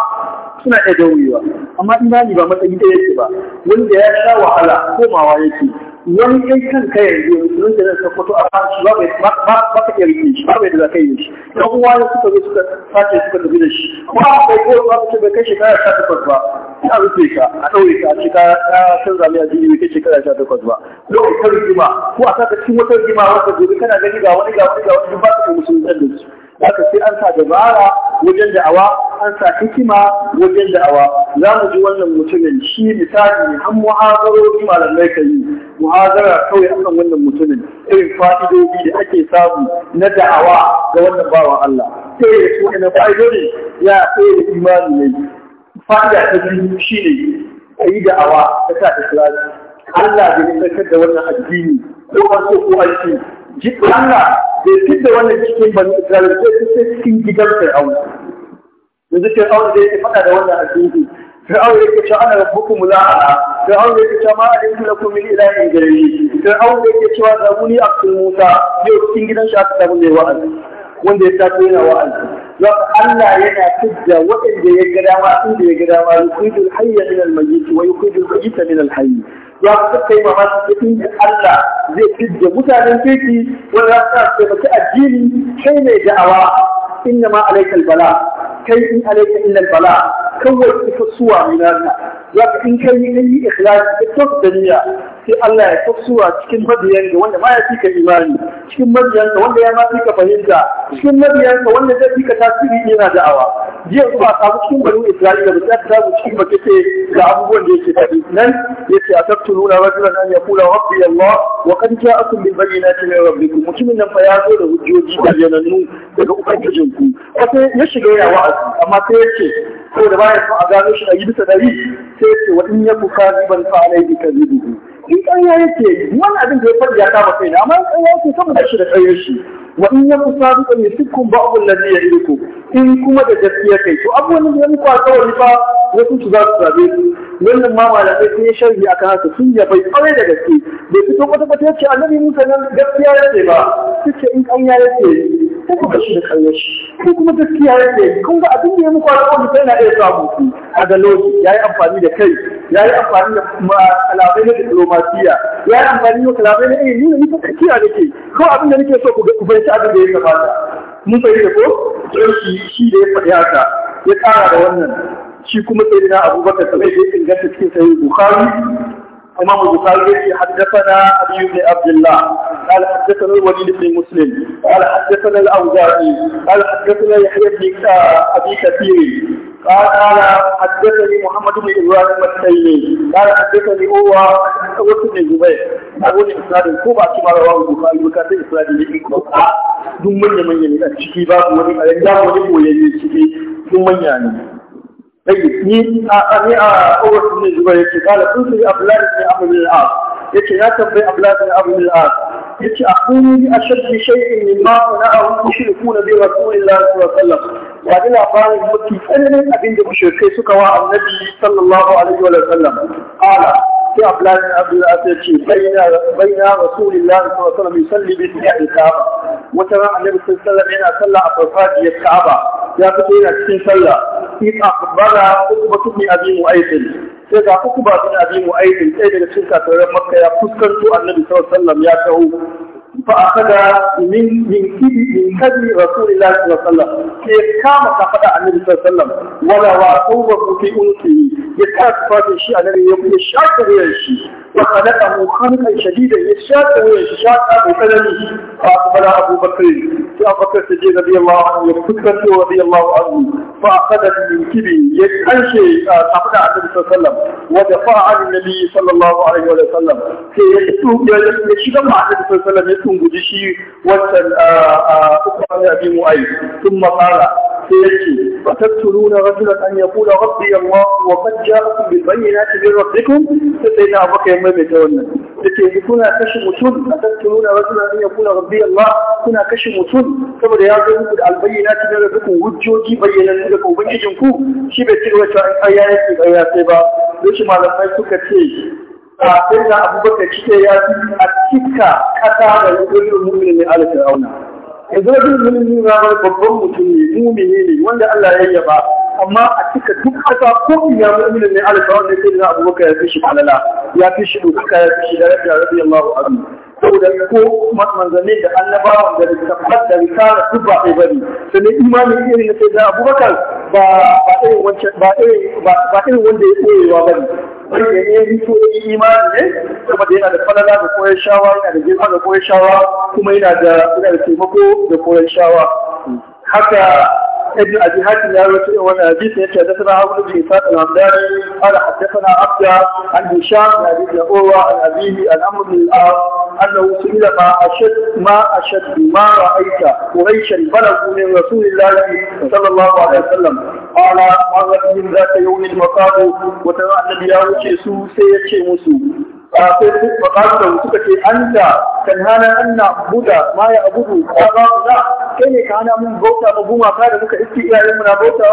suna iya daurewa amma imani ba matsayi ɗaya yake ba wanda ya sha wahala komawa yake wani in kan ka yanzu yanzu da nan sakwato a fashi ba bai ba ka iya rike shi ba bai da za yi shi dan uwa ya suka zo suka sace suka dubi da shi kuma a kai ko ba ka bai kai shekara sha takwas ba a rufe ka a ɗaure ka a ce ka san zami a jini bai kai shekara sha takwas ba lokacin rigima ko a saka cikin wata rigima wata gobe kana gani ga wani ga wani ga wani ba ka musulunta da su haka sai an sa dabara wajen da'awa an sa hikima wajen da'awa za mu ji wannan mutumin shi misali ne an muhazarori malamai ka yi muhazara kawai akan wannan mutumin irin fa'idodi da ake samu na da'awa ga wannan bawan Allah sai su ina fa'idodi ya sai da imani ne fa'ida ta biyu shi ne a yi da'awa ta sa Allah Allah ya nisakar da wannan addini ko an so ko an jikin Allah bai fidda wannan cikin bani Isra'ila sai sai cikin gidan Fir'aun yanzu Fir'aun zai yi faɗa da wannan addini Fir'aun yake cewa ana rabbukum la'a Fir'aun yake cewa ma alim lakum min ilahin ghayri Fir'aun yake cewa zabuni akul Musa yau cikin gidan shi aka samu mai wa'azi wanda ya tafi yana wa'azi don Allah yana fidda waɗanda ya ga dama inda ya ga dama yukidul hayya min al-mayyit wa yukidul mayyita min al-hayy ya fi kai mamaki ta da Allah zai fidda mutanen kirki wani za su taimaki addini kai mai da'awa inna ma alaikal bala kai in alaika illa bala kawai ita suwa minarna ya in kai yi ikhlasi ta tabbaniya sai Allah ya tafsuwa cikin ga wanda ma ya fi ka imani cikin ga wanda ya ma fi ka fahimta cikin ga wanda zai fi ka tasiri yana da'awa jiya ba a samu cikin bani Isra'ila ba sai ta samu cikin bakete da abubuwan da yake tafi nan yace a taftununa rajulan an yaqula rabbi Allah wa qad ja'akum bil bayyinati min rabbikum mutumin nan fa ya zo da hujjoji bayyanannu daga ubangijinku sai ya shiga ya wa'azi amma sai yace ko da baya sun a gano shi a yi bisa dari sai yace wa in yaku kaziban fa alayhi kadhibuhu in ƙarya yake wani abin da ya faɗi ya kama kai amma in ƙarya yake saboda shi da ƙaryar shi wa in ya kusa duka ne sukun ba abun da ya iko in kuma da gaskiya kai to abubuwan da ya muku a kawai fa wasu su za su zabe su wannan ma malamai sun yi sharhi kan haka sun bai kwarai da gaske bai fito kwata-kwata ya ce annabi musa nan gaskiya yake ba suke in ƙarya yake sai ku kashi da ƙarya shi ko kuma gaskiya yake kun ga abin da ya muku alƙawari sai na iya sa muku a ga lokaci yayi amfani da kai yayi amfani da kalabai na diplomasiya yayi amfani da kalabai na ilimi ne ni gaskiya nake ko abin da nake so ku ku fahimci abin da ya kamata mun fahimta ko sai shi da ya faɗi haka ya ƙara da wannan shi kuma sai da abubakar sai ya inganta cikin sahih bukhari إمام البخاري حدثنا علي بن عبد الله قال حدثنا الوليد بن مسلم قال حدثنا الأوزاعي قال حدثنا يحيى بن أبي كثير قال قال حدثني محمد بن إبراهيم التيمي قال حدثني هو أوس بن زبير أقول إسناد كوبا كما رواه البخاري وكان إسناد لإنكم دون من يمين أشكي باب ولي أيام ولي ولي أشكي دون من يعني ɗaya ni a a ƙowacin ne ya ce kala sun sun yi abulani ne abu mil a ya ce ya tambayi abulani abu mil a ya ce a kun yi a shabbi shaikin ne na abu ku shi kuna bai wa kuma illa su wa sallam ba ni labarin mutu tsananin abin da suka wa annabi sallallahu alaihi wa sallam kala sai abulani ne abu mil a ya ce bai na wa kuma illa su wa sallam yusalli bai fiye da ka'aba wata ran annabi sallallahu alaihi yana sallah a farfajiyar ka'aba ya fito yana cikin sallah الحقيق أخبرنا عقبة بن أبي مؤيد sai ga uku ba bin abin mu'aidin ɗaya daga cikin kafirin makka ya fuskanto annabi sallallahu alaihi wasallam ya taho fa akaga min min kidi min kadi rasulillahi sallallahu alaihi wasallam sai kama kafada annabi sallallahu alaihi sallam wala wa qawwa fi unki ya kafa shi annabi ya kuma shaka wayar shi wa mu khalqan shadidan ya shaka wayar shi shaka mai tsanani fa bala Abu Bakr sai Abu Bakr sai da anhu ya fuskanto radiyallahu anhu fa akada min kibi ya kanshe ah, kafada annabi sallallahu alaihi wasallam wa dafa an nabi sallallahu alaihi wasallam sai ya tuki ya shiga ma annabi sallallahu alaihi wasallam ya tunguji shi wannan a ah, a ah, Abu mu Mu'ayyid thumma qala qala sai yace wa tatturuna rajulan an yaqula rabbi allah wa qad ja'akum bil bayyinati min rabbikum sai na baka yamma mai ta wannan Da ke yace kuna kashe mutum a tatturuna rajulan an yaqula rabbi allah kuna kashe mutum saboda ya zo muku da al bayyinati min rabbikum hujjoji bayyanan daga ubangijinku shi bai ci gaba cewa an ƙarya yake ya sai ba shi malamai suka ce a sai da abubakar cike ya fi a cika kasa da rubutun mummuni ne alifin auna ya zo jin zulmi na babban mutum ne mumini ne wanda Allah ya yaba amma a cika duk kasa ko in ya mu'minin ne Allah ta wanda ya kai da Abubakar ya fi shi falala ya fi shi dokaka ya fi shi da rabbi Allahu anhu saboda ko manzannin da annabawan da littafan da risala duk ba ɗaya bane sannan imanin irin na sayyidina abubakar ba ba irin ba irin ba irin wanda ya koyewa bane wanda ya yi so imani ne kuma da yana da falala da koyar shawa yana da girma da koyar shawa kuma yana da yana da taimako da koyar shawa haka ابن أبي هاتم يروي ونبيت حدثنا عمرو بن إسحاق الهمداني قال حدثنا عبد عن هشام بن أبي الأوى عن أبيه عن عمرو بن العاص أنه سئل ما أشد ما أشد ما رأيت قريشا بلغوا من رسول الله صلى الله عليه وسلم قال مرة من ذات يوم وقالوا وترى النبي يا وجه سوء سيأتي مسوء sai su bakarta suka ce an kan hana an na buda a ya abudu ba ba hana mun bauta ba guma ka da muka iske iyaye muna bauta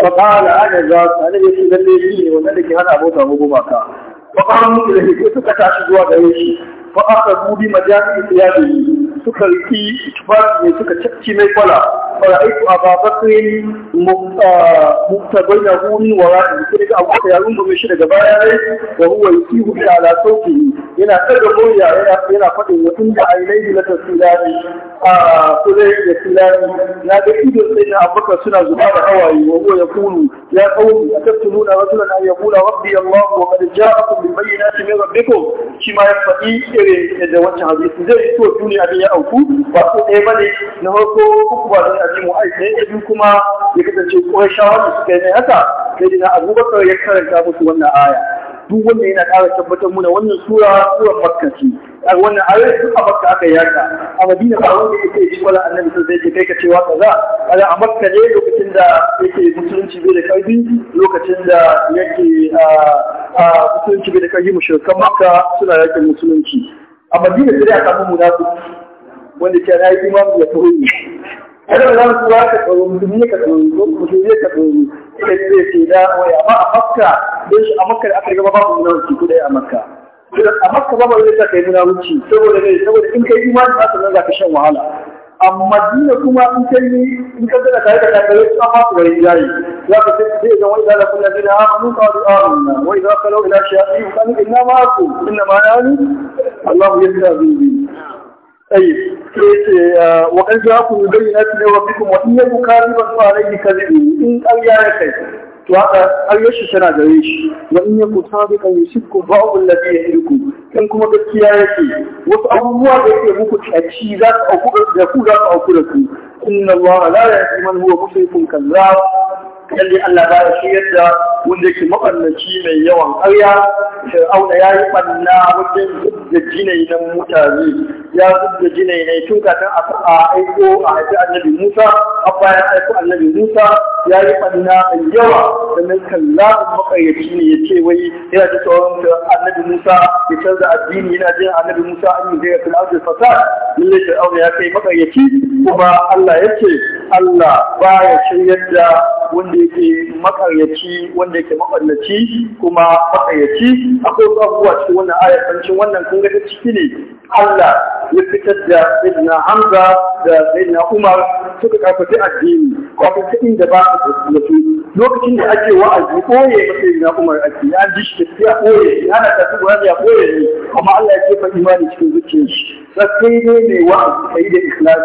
ba ba ba da an da za ana ne wanda da ke hana bauta mu guma ka ba suka tashi zuwa gare shi ba ba ka gudi majami'i ya da yi suka rufi ne suka cakki mai kwala fara'aitu a babakirin muktabai na huni wa ra'i sai daga abu da yaron gome shi daga baya rai wa huwa yi hudu ala sauki yana ɗaga murya yana faɗin wa inda a yi na tasirani a kudai da tasirani na ga ido sai na abubakar suna zuba da hawaye wa huwa ya kulu ya kawo a tattununa rasulan an yakula rabbi allah wa qad ja'akum bil bayyinati min rabbikum shi ma ya faɗi irin da wancan hadisi zai so duniya abin ya uku ba su ɗaya ba ne na farko uku ba da azimu ai ɗaya da biyu kuma ya kasance ƙwai shawar da suka yi mai haka sai dina abubakar ya karanta musu wannan aya duk wanda yana ƙara tabbatar muna wannan sura sura makka ce wannan ayoyi duk a makka aka yaka a madina ba wanda yake ci wala annabi sai zai kai ka cewa kaza kaza a makka ne lokacin da yake musulunci bai da karfi lokacin da yake musulunci bai da karfi mushrikan makka suna yakin musulunci a madina sai aka samu munafiki wanda ce na yi imamu ya taho ne kada da zama tura ka tsoro mutum ne ka tsoro ko mutum ne ka tsaro sai zai ce da waya. amma a makka don shi a makka da aka gaba babu munawuci ko dai a makka a makka babu wanda ta kai wuci saboda ne saboda in kai imani za ka nan za ka shan wahala amma dina kuma in kai in ka da kai da kai ka ba su wani jayi za ka sai ga wani da kullum zai da mun ka wani amanu ah, wa idza qalu ila shay'in ah, fa inna ma'akum inna ma'ani Allah yasra bihi ai ke ke ah, wa an za ku bayyana ne rabbikum wa bikum wa in yaku kaziba fa alayhi in an ya ya kai to haka an yashi tana gare shi wa in yaku sabiqan yushku ba'u alladhi yahdiku kan kuma gaskiya yake wasu abubuwa da yake muku tsaci za ku ku za ku ku inna allaha la yahdi man huwa mushrikun kazzab Yalli Allah ba ya shigar da wanda ke mabannaci mai yawan ƙarya Fir'auna ya yi ɓanna wajen da jinai na mutane ya zubda jinai ne tun kafin a aiko a haifi annabi Musa a bayan aiko annabi Musa ya yi ɓanna mai yawa sannan kallabin makayyaci ne ya ce wai yana da tsoron annabi Musa ya canza addini yana jin annabi Musa an yi zai ga al'adul fasad lalle Fir'auna ya kai makayyaci kuma Allah ya ce Allah ba ya da wanda ke yake makaryaci wanda yake maballaci kuma makayaci akwai wasu abubuwa cikin wannan ayar wannan kun ga ta ciki ne Allah ya fitar da Sayyidina Hamza da Sayyidina Umar suka karfafi addini wato cikin da ba su da lokacin da ake wa'azi koye Sayyidina Umar addini an ji shi ya koye ana tafi ya koye ne amma Allah ya jefa imani cikin zuciyar shi sai ne mai wa'azi ka yi da ikhlas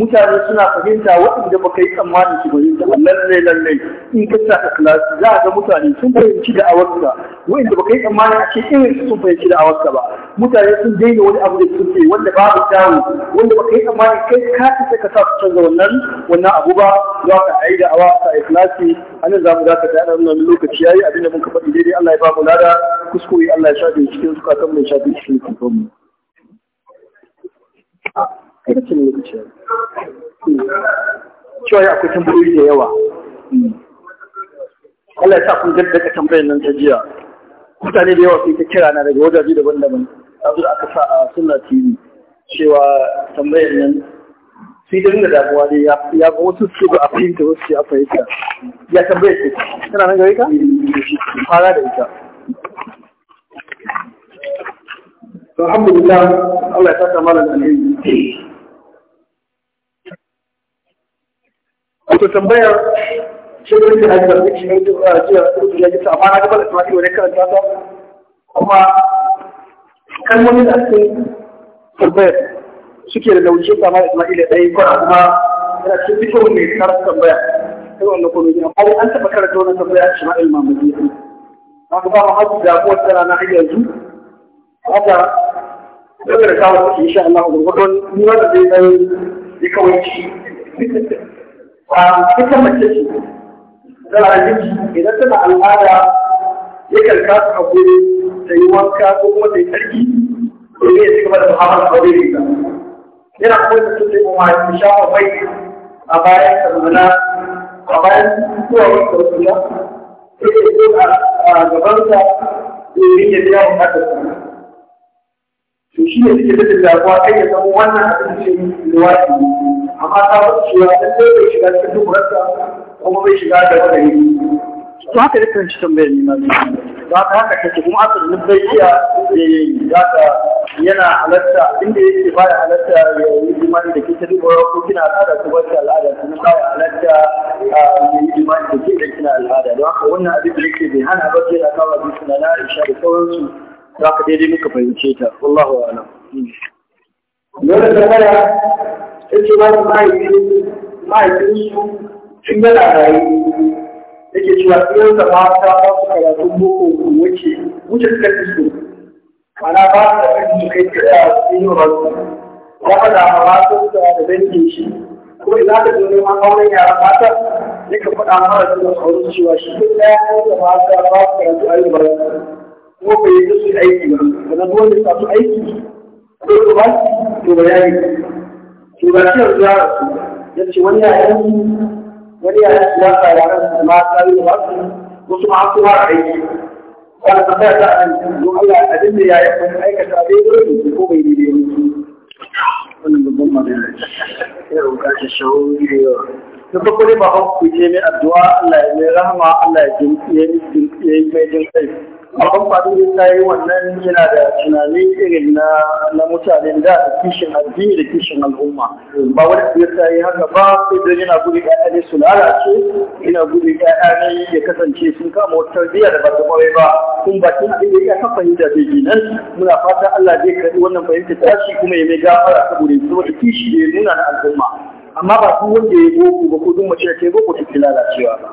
mutane suna fahimta waɗanda baka yi tsammanin su fahimta ba lallai lalle in ka sa ikhlas za a ga mutane sun fahimci da awarka waɗanda baka yi tsammanin a ce irin su sun fahimci da awarka ba mutane sun daina wani abu da suke wanda babu tawo wanda baka yi tsammanin kai ka isa ka sa su canza wannan wannan abu ba za ka yi da awa ka ikhlasi anan za mu za ka ana wannan lokaci yayi abinda muka faɗi daidai Allah ya ba mu lada kuskure Allah ya shafe cikin kan mai shafe cikin kafin mu ƙarfin lokaci cewa ya akwai tambayoyi da yawa Allah ya sa kun ka tambayar nan ta jiya mutane da yawa sai ta kira na daga wajaji daban-daban yanzu da aka sa a sunna tv cewa tambayar nan sai da ringa damuwa ne ya ga wasu su ba a fahimta wasu ya fahimta ya tambayar ce tana nan gare ka? fara da ita to alhamdulillah Allah ya saka mana da alheri wato tambayar shi ne da hajjar da shi ne da ah, jiya da ya gita amma na gaba da tunani wani karanta ta kuma kalmomi da ake tambayar suke da lauce kama da Isma'il da ɗaya kwana kuma yana cikin fitowar mai karar tambaya ta wannan an taɓa karanta wannan tambaya Isma'il Mamadi ya haka da yanzu haka daga da kawo suke sha Allah gurgurdon nuna da zai zai yi kawai ci a cikin mace ce tana jiki idan tana al'ada ya karka su hakuri ta yi wanka ko kuma ta yi tsarki domin ya ci gaba da muhammad aure ne ta yana kuma da sun taimaka wa ya shafa mai a bayan sarmana a bayan zuwa wani sarmana sai ya zo a gabansa domin ya biya wa to shi ne suke da damuwa kai ya zama wannan abin ce luwaki amma ta wasu cewa ɗan zai bai shiga cikin duburarsa kuma bai shiga da wadari to haka da kan ci tambayar ni ma ba ta haka kake kuma aka da bai iya da ka yana halatta inda yake ba ya halatta ya yi imani da kike duburar ko kina al'ada ko wata al'ada kuma ba ya halatta ya yi imani da kike da kina al'ada don haka wannan abin da yake bai hana ba sai da kawo abin suna na isha da sauransu za ka daidai muka fahimce ta wallahu a'lam dole ta kaya ta ce ba mahaifin su tun yana rayu yake cewa tsayar da mata ba su karatun boko wace wuce suka fi so ana ba su da kan su kai kira su yi wa su ya ba ma matan su da dangin shi ko ina ka zo neman auren yara mata ya ka faɗa mara su da sauran cewa shi ɗaya da mata ba su karatu ayyukan ko bai yi su aiki ba sannan wanda ya su aiki ko su ba su to bayani to ba shi yanzu ya rasu ya ce wani yayan wani yayan su ya sa yaran su ma ta yi ba su wasu ma su ba aiki wani ta sa ta an don Allah a dinda yayan wani aikata bai dole ko bai daidai ba wani babban magana ya roƙa shi shawarwa na farko dai baban ku je mai addu'a Allah ya mai rahama Allah ya yi mai jin kai babban fadin ta yi wannan yana da tunani irin na na mutanen da a kishin addini da kishin al'umma ba wani da ta yi haka ba sai don yana gudu ƴaƴa ne su lalace yana gudu ƴaƴa ne ya kasance sun kama wata tarbiyya da ba ta kwarai ba kun ba kin abin ya ka fahimta da nan muna fata Allah zai karɓi wannan fahimta shi kuma ya mai gafara saboda saboda kishi da ya nuna na al'umma amma ba duk wanda ya yi boko ba ko duk mace da ta yi boko ta lalacewa ba.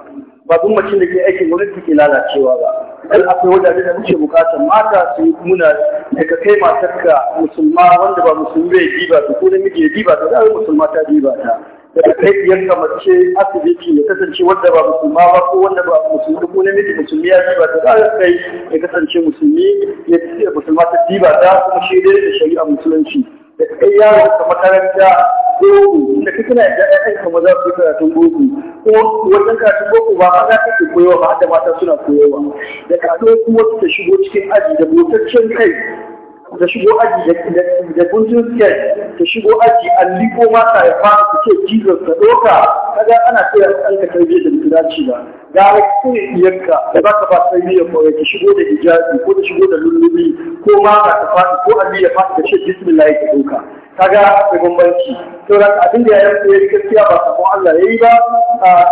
ba duk mutum da ke aikin gwamnati ke lalacewa ba dan akwai wajaje da muke bukata mata su muna daga kai ka musulma wanda ba musulmi bai diba ta ko namiji ya diba ta zai musulma ta diba ta daga kai yanka mace asibiti ya kasance wanda ba musulma ba ko wanda ba musulmi ko namiji musulmi ya diba ta zai kai ya kasance musulmi ya musulma ta diba ta kuma shi da shari'a musulunci da kai yaro ta makaranta ko da kake na da ɗan za ku su karatun boko ko wajen karatun boko ba maza kake koyowa ba da mata suna koyowa da ka kuma ta shigo cikin aji da motaccen kai ta shigo aji da gundun skate ta shigo aji an liko mata ya fara ta ce jesus ka ɗauka kaga ana koya an ka tarbiyya da mutunci ba ga kuma iyarka da za ka ba tarbiyyar kwarai ta shigo da hijabi ko ta shigo da lullubi ko ma ka ta faɗi ko aliyu ya faɗi ta ce bismillah ya ɗauka kaga da bambanci to da abin da ya yi ya gaskiya ba sabon Allah yayi ba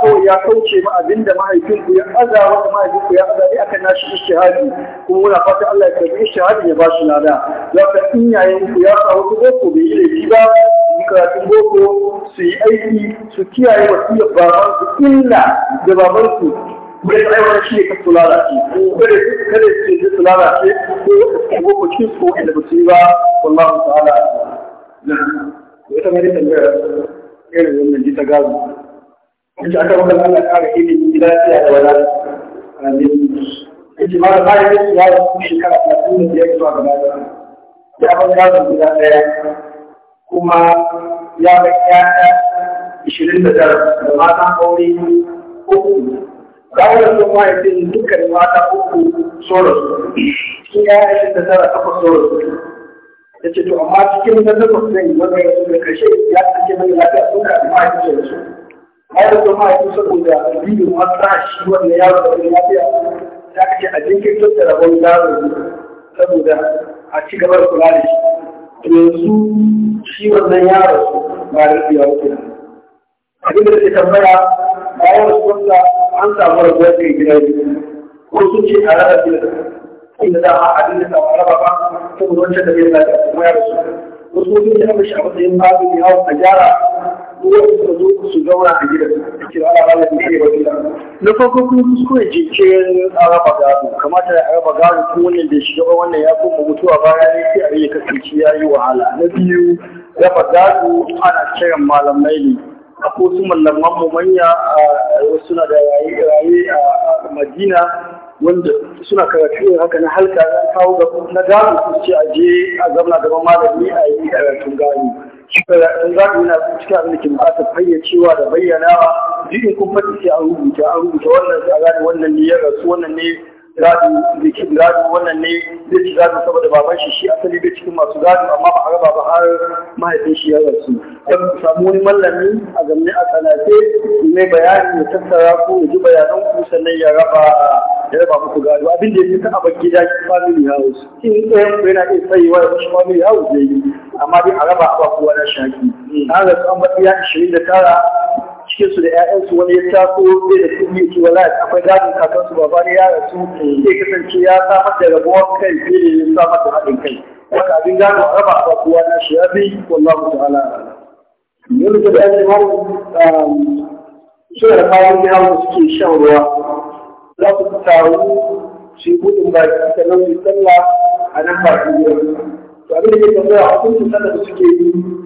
to ya kauce ma abin da mahaifin ku ya aza wanda mahaifin ku ya aza ne na nashi ishtihadi kuma muna fata Allah ya karbi ishtihadi ya ba shi ya zaka in yayin ku ya kawo ku ko bai yi laifi ba karatun boko su yi aiki su kiyaye wasiyar baban su illa da baban su bai wani shi ka su lalace kada kada su lalace ko ko cikin su da ba su yi ba wallahi ta'ala ita mai tambaya irin wannan ji ta gado in ji aka maka Allah ƙara ilimi lafiya da wala amin in ji mara bayan ya yi shekara talatin da biyar zuwa gaba da ya bar gado gida ɗaya kuma ya bar ƴaƴa ishirin da tara da mata aure uku Gawar sun ma yace dukkan mata uku soros, sun ya yi da tara aka soros da ce to amma cikin na takwas zai wanda ya da karshe ya tsaye mana lafiya sun ka ma ya ce su ma da kuma ya kusa da bidiyo ma ta shi wanda ya da lafiya ta kace a jinkin da wani yaro saboda a ci gaba da kula da shi to yanzu shi wannan yaro ba da ya wuce abin da ke tambaya bayan rasuwarsa an samu rabuwar kai gida ko sun ce a rarrabe inda za a abin da samu raba ba saboda wancan da bai da kuma ya su. wasu wajen ya mashi a matsayin babu ne hawa a gyara wani su zo su zauna a gidan su kira ala ba da ne ba gida na farko kuma kuskure jike a raba gado kamata a raba gado tun wannan da shi, ba wannan ya koma mutuwa baya ne sai a yi kasance ya yi wahala na biyu raba gado ana kiran malamai ne akwai su malaman mu manya a wasu na da raye a madina wanda suna karatu ne haka na halka na kawo ga na gano su ce a je a zama gaba malami a yi karatun gani karatun gani na cikin abin da ke bukatar fayyacewa da bayyanawa duk in kun faɗi sai an rubuta an rubuta wannan sai wannan ne ya rasu wannan ne gado zai ci gado wannan ne zai ci gado saboda baban shi shi asali bai cikin masu gado amma ba a raba ba har mahaifin shi ya rasu don ku samu wani mallami a zamne a tsanace mai bayani ya tattara ko ya ji bayanan ku sannan ya raba ya raba muku gado abin da ya fita a baki da family house in ɗayan ku yana iya tsayewa da shi family house ya yi amma dai a raba a ba kowa na shaki. Na rasu an baɗi da 29 cikin su da ƴaƴan wani ya taso zai da kuɗi ki wala akwai gadin kakan su baba ne ya rasu zai kasance ya samar da rabuwar kai zai ya samar da haɗin kai Wata abin gano raba a kowa na shi ya bi wallahu ta'ala yanzu da ƴan imam um, suna da kayan gina da suke shan ruwa za su taru su yi buɗin baki sannan su yi sallah a nan ba su yi to abin da ke tambaya a hukuncin sallah da suke yi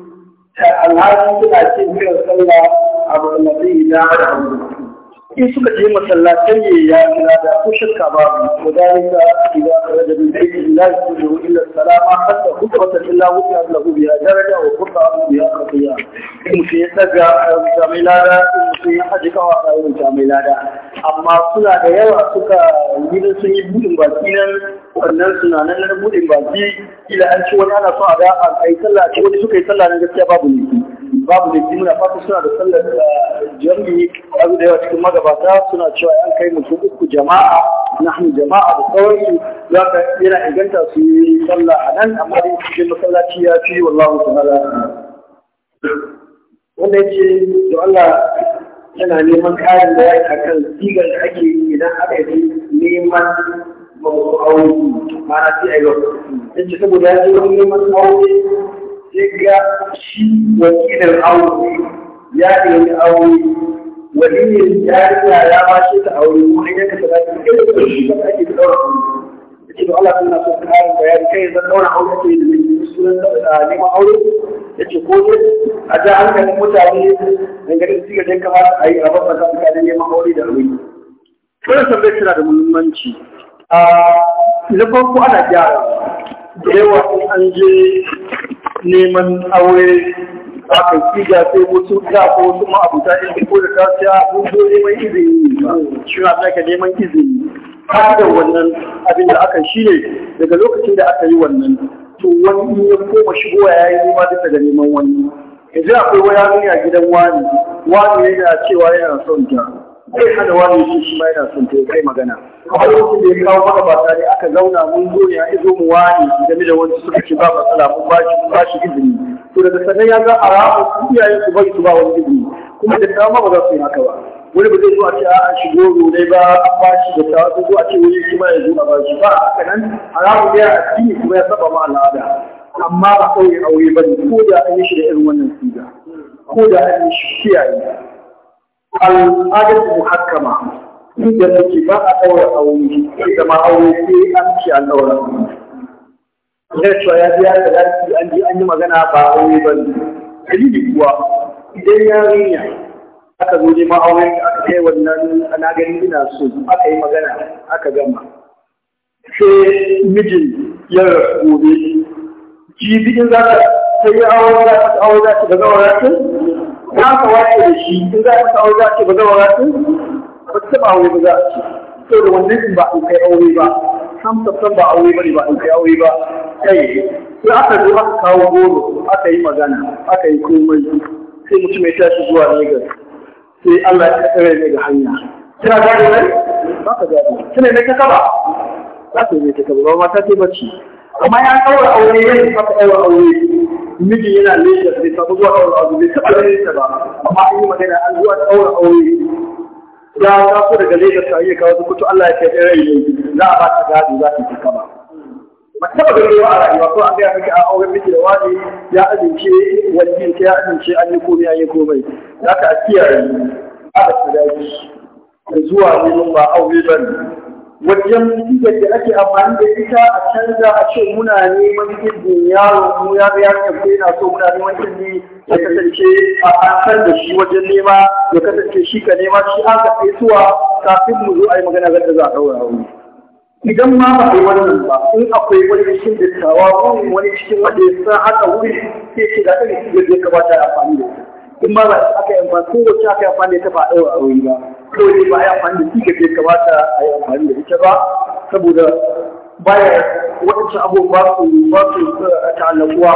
alhali suna cin kiran sallah a masallaci na da abu in suka je masallatan ne ya kira da ko shakka ba ko da ni ka ila da bin baiti lillahi subhanahu illa salama hatta hukmata illa wuta lahu bi daraja wa qurba bi aqdiya in ke daga jamilada in ke haji kawa da jamilada amma suna da yawa suka yi sun yi budin baki nan wannan tunanin na ba baki ila an ci wani ana so a ga a yi sallah ce wani suka yi sallah na gaskiya babu ne babu ne muna fata suna da sallar eh, jami'i abu da yawa cikin magabata suna cewa yan kai mutum uku jama'a na hannu jama'a da sauransu za ka yana inganta su yi sallah a nan amma dai cikin masallaci ya fi wallahu wanda ya ce da Allah yana neman karin da ya akan sigar da ake yi idan aka yi neman masu mana sai a yi wa yace saboda ya ce wani neman aure sai ga shi wakilin aure ya nemi aure waliyin yarinya ya bashe ta aure ko an yanka ta zaki kai da shi ba ake ɗaura daura aure yace to Allah suna so ta ƙara bayani kai zan ɗaura aure ce da sunan neman aure Ya ce ko ne a ja hankalin mutane dangane da sigar da kamata a yi a babban mutane neman aure da aure. Wannan tambayar suna da muhimmanci na farko ana gyara da yawa in an je neman aure a kan kija sai wasu da ko wasu ma'abuta ko da ta ta mun neman izini shi na ka neman izini da wannan abin da aka shi ne daga lokacin da aka yi wannan to wani ya koma shigo ya yi nema bisa ga neman wani yanzu akwai wani a gidan wani wani yana cewa yana son ta zai hada wani shi shi ma yana son ta kai magana a lokacin da ya kawo maka ba tare aka zauna mun zo ya izo mu wani game da wani suka ce ba matsala mun ba shi ba shi izini to daga sannan ya ga arabu ra'a su iyayen su bai su ba wani izini kuma da dama ba za su yi haka ba wani ba zai zo a ce a an shigo ne ba an ba shi da tawa zo a ce wani shi ma ya zo a ba shi ba haka nan a ya a addini kuma ya saba ma al'ada amma ba kawai aure ba ne ko da an yi shi da irin wannan siga ko da an yi shi kiyaye al'adar muhakkama inda take ba a ɗaura aure sai zama aure sai an ce an ɗaura aure. Zai cewa ya biya da lafi an ji an yi magana ba aure ba ne. Dalili kuwa idan yarinya aka zo neman aure aka kai wannan ana ganin ina so aka yi magana aka gama. Sai mijin ya rasu gobe jibi in za ta yi aure za ta aure za ta ga aure za ka wace da shi in za ka aure za ce ba zama za su ba ta ba aure ba za a ce to da wannan in ba in kai aure ba sam sam ba aure ba ne ba in kai aure ba kai sai aka zo aka kawo goro aka yi magana aka yi komai sai mutum ya tashi zuwa Lagos sai Allah ya tsare ne ga hanya kina gane ne ba ka gane kina ne ka kaba za ka yi ne ka kaba ba ta ce bacci amma ya kawo aure ne ba ka kawo aure miji yana Lagos bai samu zuwa ɗaura aure bai taɓa ganin ta ba amma an yi magana an zuwa ɗaura aure ya taso daga Lagos ta iya kawo kuto Allah ya kai rai ne za a ba ta gado za ta ci kama ba taɓa ganin a rayuwa ko an gaya miki a auren miki da wani ya amince wajen ya amince an yi komai an yi komai za ka a kiyaye a da sadaki da zuwa neman ba aure ba ne wajen hujjar da ake amfani da ita a canza a ce muna neman izinin yaro mu ya ga yaro na yana so muna neman izini ya kasance a san da shi wajen nema ya kasance shi ka nema shi an ka kafin mu zo a yi magana da za a ɗaura aure idan ma ba a yi wannan ba in akwai wani cikin dattawa ko wani cikin wanda ya san haka wuri sai ce da irin hujjar da ya kamata a amfani da ita in ba za aka yi amfani ko wacce aka yi amfani da ita ba a ɗaura aure ba kawai ba a yi amfani da kamata a yi amfani da ita ba saboda baya waɗancan abubuwa su ba su eh, ta'allakuwa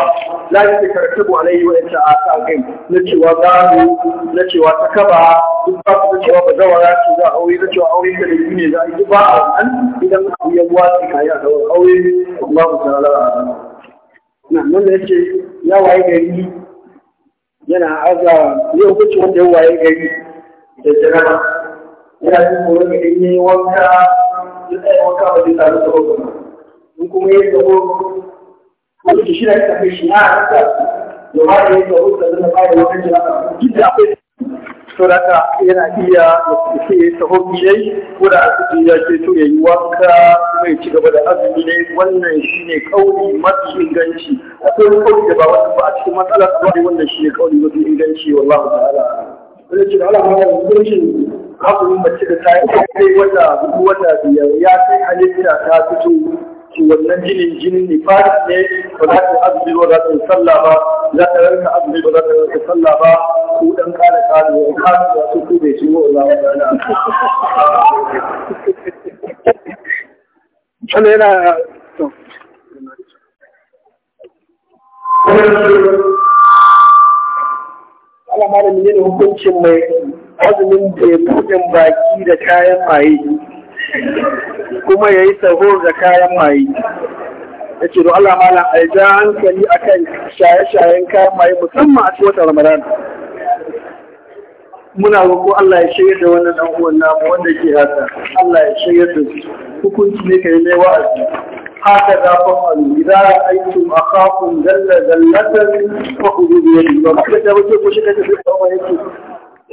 la yi da karatabu alaihi waɗancan a sa gai na cewa gano na cewa ta kaba duk ba su da cewa ba zawara ce za a aure na cewa aure da laifi ne za a yi ba a wannan idan abu ya buwa su kayi a aure ba mu tsara a nan nan da yake ya waye gari yana aza yau kuce wanda waye gari da jaraba yana jin tsoron idan ya yi wanka wanka ba zai in kuma shi na tafi shi ah, na a da zai wata duk da akwai saboda yana iya ya yi taho biyai ko da asibiti ya ce to ya yi wanka mai ya ci gaba da azumi ne wannan shi ne kauli mafi inganci akwai wani kauli da ba wata ba a cikin matsalar amma ne wannan shi ne kauli mafi inganci wallahu ta'ala wanda ce da alama ya hukuncin hakurin mace da ta yi wata wata biyar ya kai halitta ta fito wannan jinin jinin nifas ne ba za ta azumi ba za ta yi sallah ba za ta ranka azumi ba za ta ranka sallah ba ko dan kare kare ya kare ya su ko bai shigo Allah wa ta'ala sannan yana to Allah malamin yana hukuncin mai azumin da ya buɗin baki da kayan maye kuma ya yi sahur da kayan maye ya ce Allah malam a ja hankali kan shaye-shayen kayan maye musamman a cikin Ramadan muna roƙo Allah ya shirya da wannan dan uwan namu wanda ke haka Allah ya shirya da hukunci ne kai mai wa'azi haka da fa'alu idza aitum akhakum dalla dallatan fa khudhu bi yadihi ba ka da wace ko shi kace sai ba yake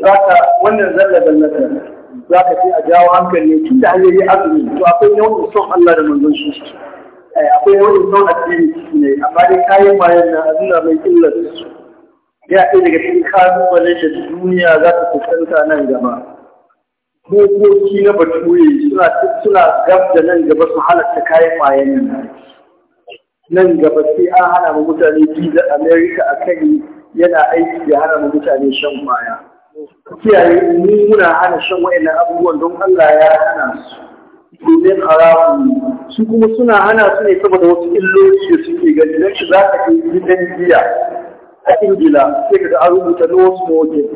zaka wannan dalla dallatan za ka ce a jawo hankali tun da hanyoyi azumi to akwai nau'in son Allah da manzon shi eh, akwai nau'in son addini ne amma dai kayan bayan na azuna mai illar su ya ɗaya daga cikin kalubalen da duniya za ta fuskanta nan gaba dokoki na bature suna suna gab da nan gaba su halatta kayan mayan nan nan gaba sai an hana mu mutane da america a kai yana aiki ya hana mu mutane shan kwaya kiyaye mu muna hana shan wa'annan abubuwan don Allah ya hana su domin haramu su kuma suna hana su ne saboda wasu illoli da suke gani don shi za ka yi gidan giya a ingila sai ka ga an rubuta no smoking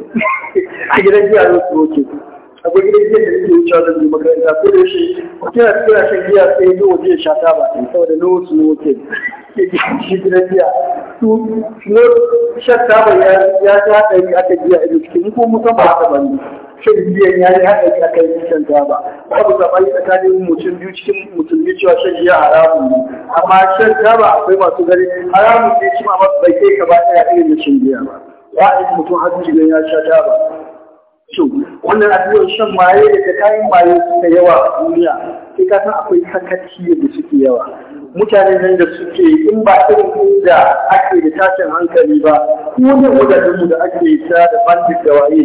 a gidan giya no smoking akwai gidan giya da yake wucewa da zuwa makaranta ko da yaushe mutum yana shan giya sai yi zo waje ya sha taba saboda no smoking suke shi na biya su ne shakka bai ya ya ta hadari aka biya ido cikin ko mutum ba ta bane shan biyan ya yi hadari aka yi shan gaba babu sabani tsakanin mutum biyu cikin mutum biyu cewa shan biya haramun ne amma shan gaba akwai masu gari haramun ne shi ma bai kai ka ba ta irin shan biya ba wa'in mutum har jigan ya sha gaba wannan abubuwan shan maye da kayan maye da yawa a duniya sai ka san akwai sakaci da suke yawa mutane nan da suke in ba irin inda ake da tashin hankali ba ko ne da ake ta da bandit da waye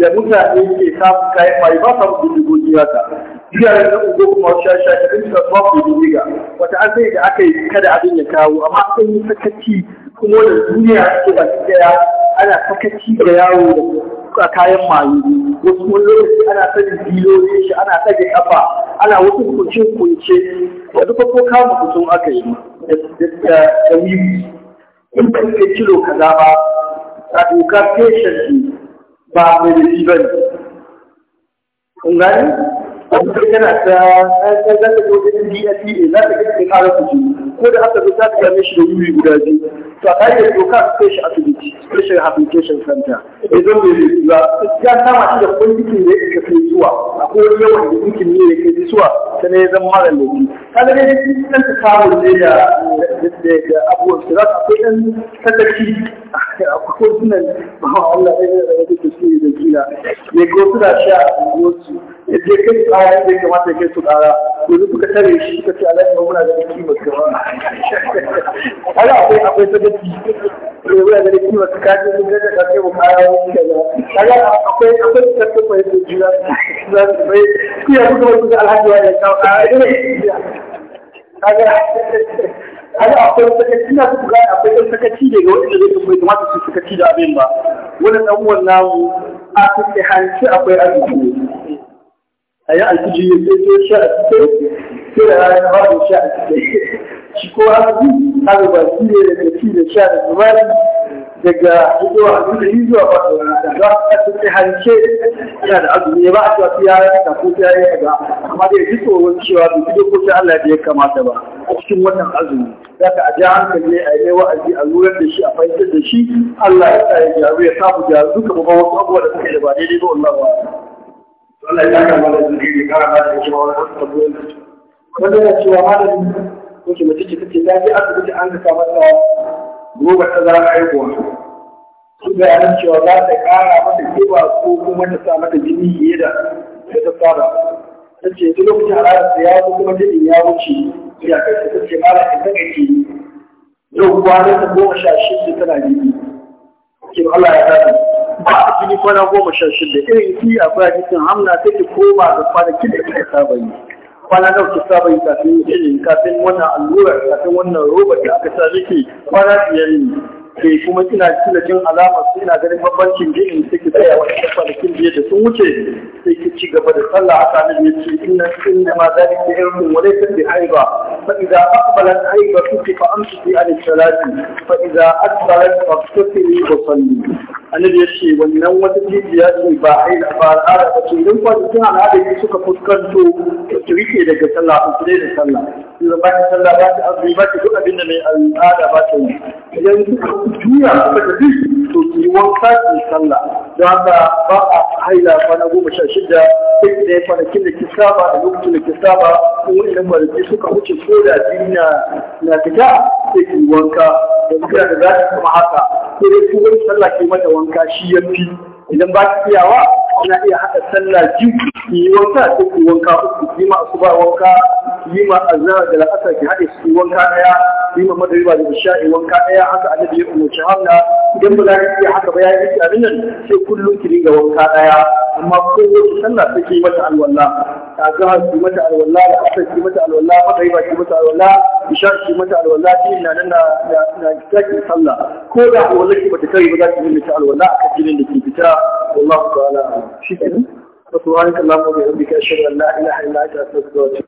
da mutane ke samun kayan mai ba samun bindigogi haka Jiya da uku kuma sha sha da bin da babu bindiga wata an da aka yi kada abin ya kawo amma sun yi sakaci kuma da duniya ake ba daya ana sakaci da yawo da kayan mayu wasu wani lokaci ana sanin dilolin shi ana sage kafa ana wasu kuncin kunce da duka ko kama mutum aka yi da wuri in ba ka kilo kaza ba a doka patient ba mai da ba ne kun kuma yana ta ta za ta zo da DSE za ta ga cikin harar ko da haka zo za ta same shi da wuri guda biyu to a kai da doka sai shi asibiti special application center idan bai yi ba ya kama shi da kwantikin da yake kai zuwa a wani yawan da yake ne kai zuwa ta ne zan mara laifi kaga dai dan ta samu ne da da abubuwan su za ta akwai dan tattaki akwai sunan ba Allah ya yi da yake da kila ne ko suna sha a unguwarsu ya je kai tsara da ya kamata kai su suka tare shi suka ce alaƙi ba muna ganin kama akwai akwai sadaki ganin su kaji sun kai mu kara wani kaza akwai akwai za su bai kuya kuka wani kuka alhaji wa ya kawo kara ina kaga kaga akwai ina su akwai ne ga zai kamata su da abin ba wannan uwan namu a kusa hanci akwai arziki a yi alfiji ya sai sai sha a cikin sai da rana ba da sha a cikin shi ko haka haka ba shi ne da ci da sha da zubari daga zuwa azumi zuwa faɗuwa da za a kasance harshe yana da azumi ba a cewa ya yi ta ko ya yi da, amma dai ji tsoron cewa bai fi dokokin Allah da ya kamata ba a cikin wannan azumi za ka a ja hankali ne a yi wa'azi a lura da shi a fahimtar da shi Allah ya sa ya gyaru ya samu gyaru duka babban wasu abubuwa da suke da ba daidai ba wallahi Allah ya kama da zuri da kama da kuma wani abubuwan wanda yana cewa malamin kuke mace ce take ta je asibiti an ka mata roba ta za a aikuwa sun ga yaran cewa za ta kara mata kiba ko kuma ta sa mata jini fiye da ta saba ta ce duk lokacin al'adar ta ya zo kuma jinin ya wuce ya kai ta ce malamin ta kake yau kwanan ta goma sha shida tana jini. Kin Allah ya dace. ba a cikin kwana goma sha shida irin ki a hadisin hamna sai ki koma ga kwanakin da kika saba yi kwana nawa ki saba yi kafin irin kafin wannan allurar kafin wannan robar da aka sa miki kwana biyar ne ke eh, kuma ina kila jin alamar su ina ganin bambancin jini da ki tsaya wani kwanakin biyar da sun wuce sai ki ci gaba da sallah a kanin ya ce inna inna ma zali ke irin wani ta bi haiba fa idza aqbalat haiba kuki fa amsi an salati fa idza aqbalat fa kuki wa salli annabi ya ce wannan wata jijiya ce ba haila ba al'ada ba ce idan kwanakin al'ada suka fuskanto ki rike daga sallah ku da sallah ba ta sallah ba ta azumi ba ta duk abin da mai al'ada ba ta yi idan kuka tafi to ki wanka ki sallah don haka ba a haila kwana goma sha shida sai da ya kwanakin da ki saba da lokacin da ki saba ko idan malaki suka wuce ko da jini na na fita sai ki wanka da kira da za ta kuma haka ko dai ku wani sallah ki mata wanka shi ya fi idan ba ki iyawa ana iya haɗa sallah biyu ki yi wanka sai ki wanka uku ki ma su ba wanka yi ma azhar da la'asar ki haɗe su wanka ɗaya yi ma ba da isha'i wanka ɗaya haka annabi ya umarci hamla idan ba za ka iya haka ba ya yi abin nan sai kullum ki dinga wanka ɗaya amma kowace sallah sai ki mata alwala azhar ki mata alwala da asar ki mata alwala ba ki mata alwala Bishiyar ki mata alwala ki na nan na kitaki sallah ko da alwala ki bata kari ba za ki yi mata alwala a kan jinin da ke fita wallahu ta'ala shi kenan فسبحانك اللهم وبحمدك اشهد ان لا اله الا انت استغفرك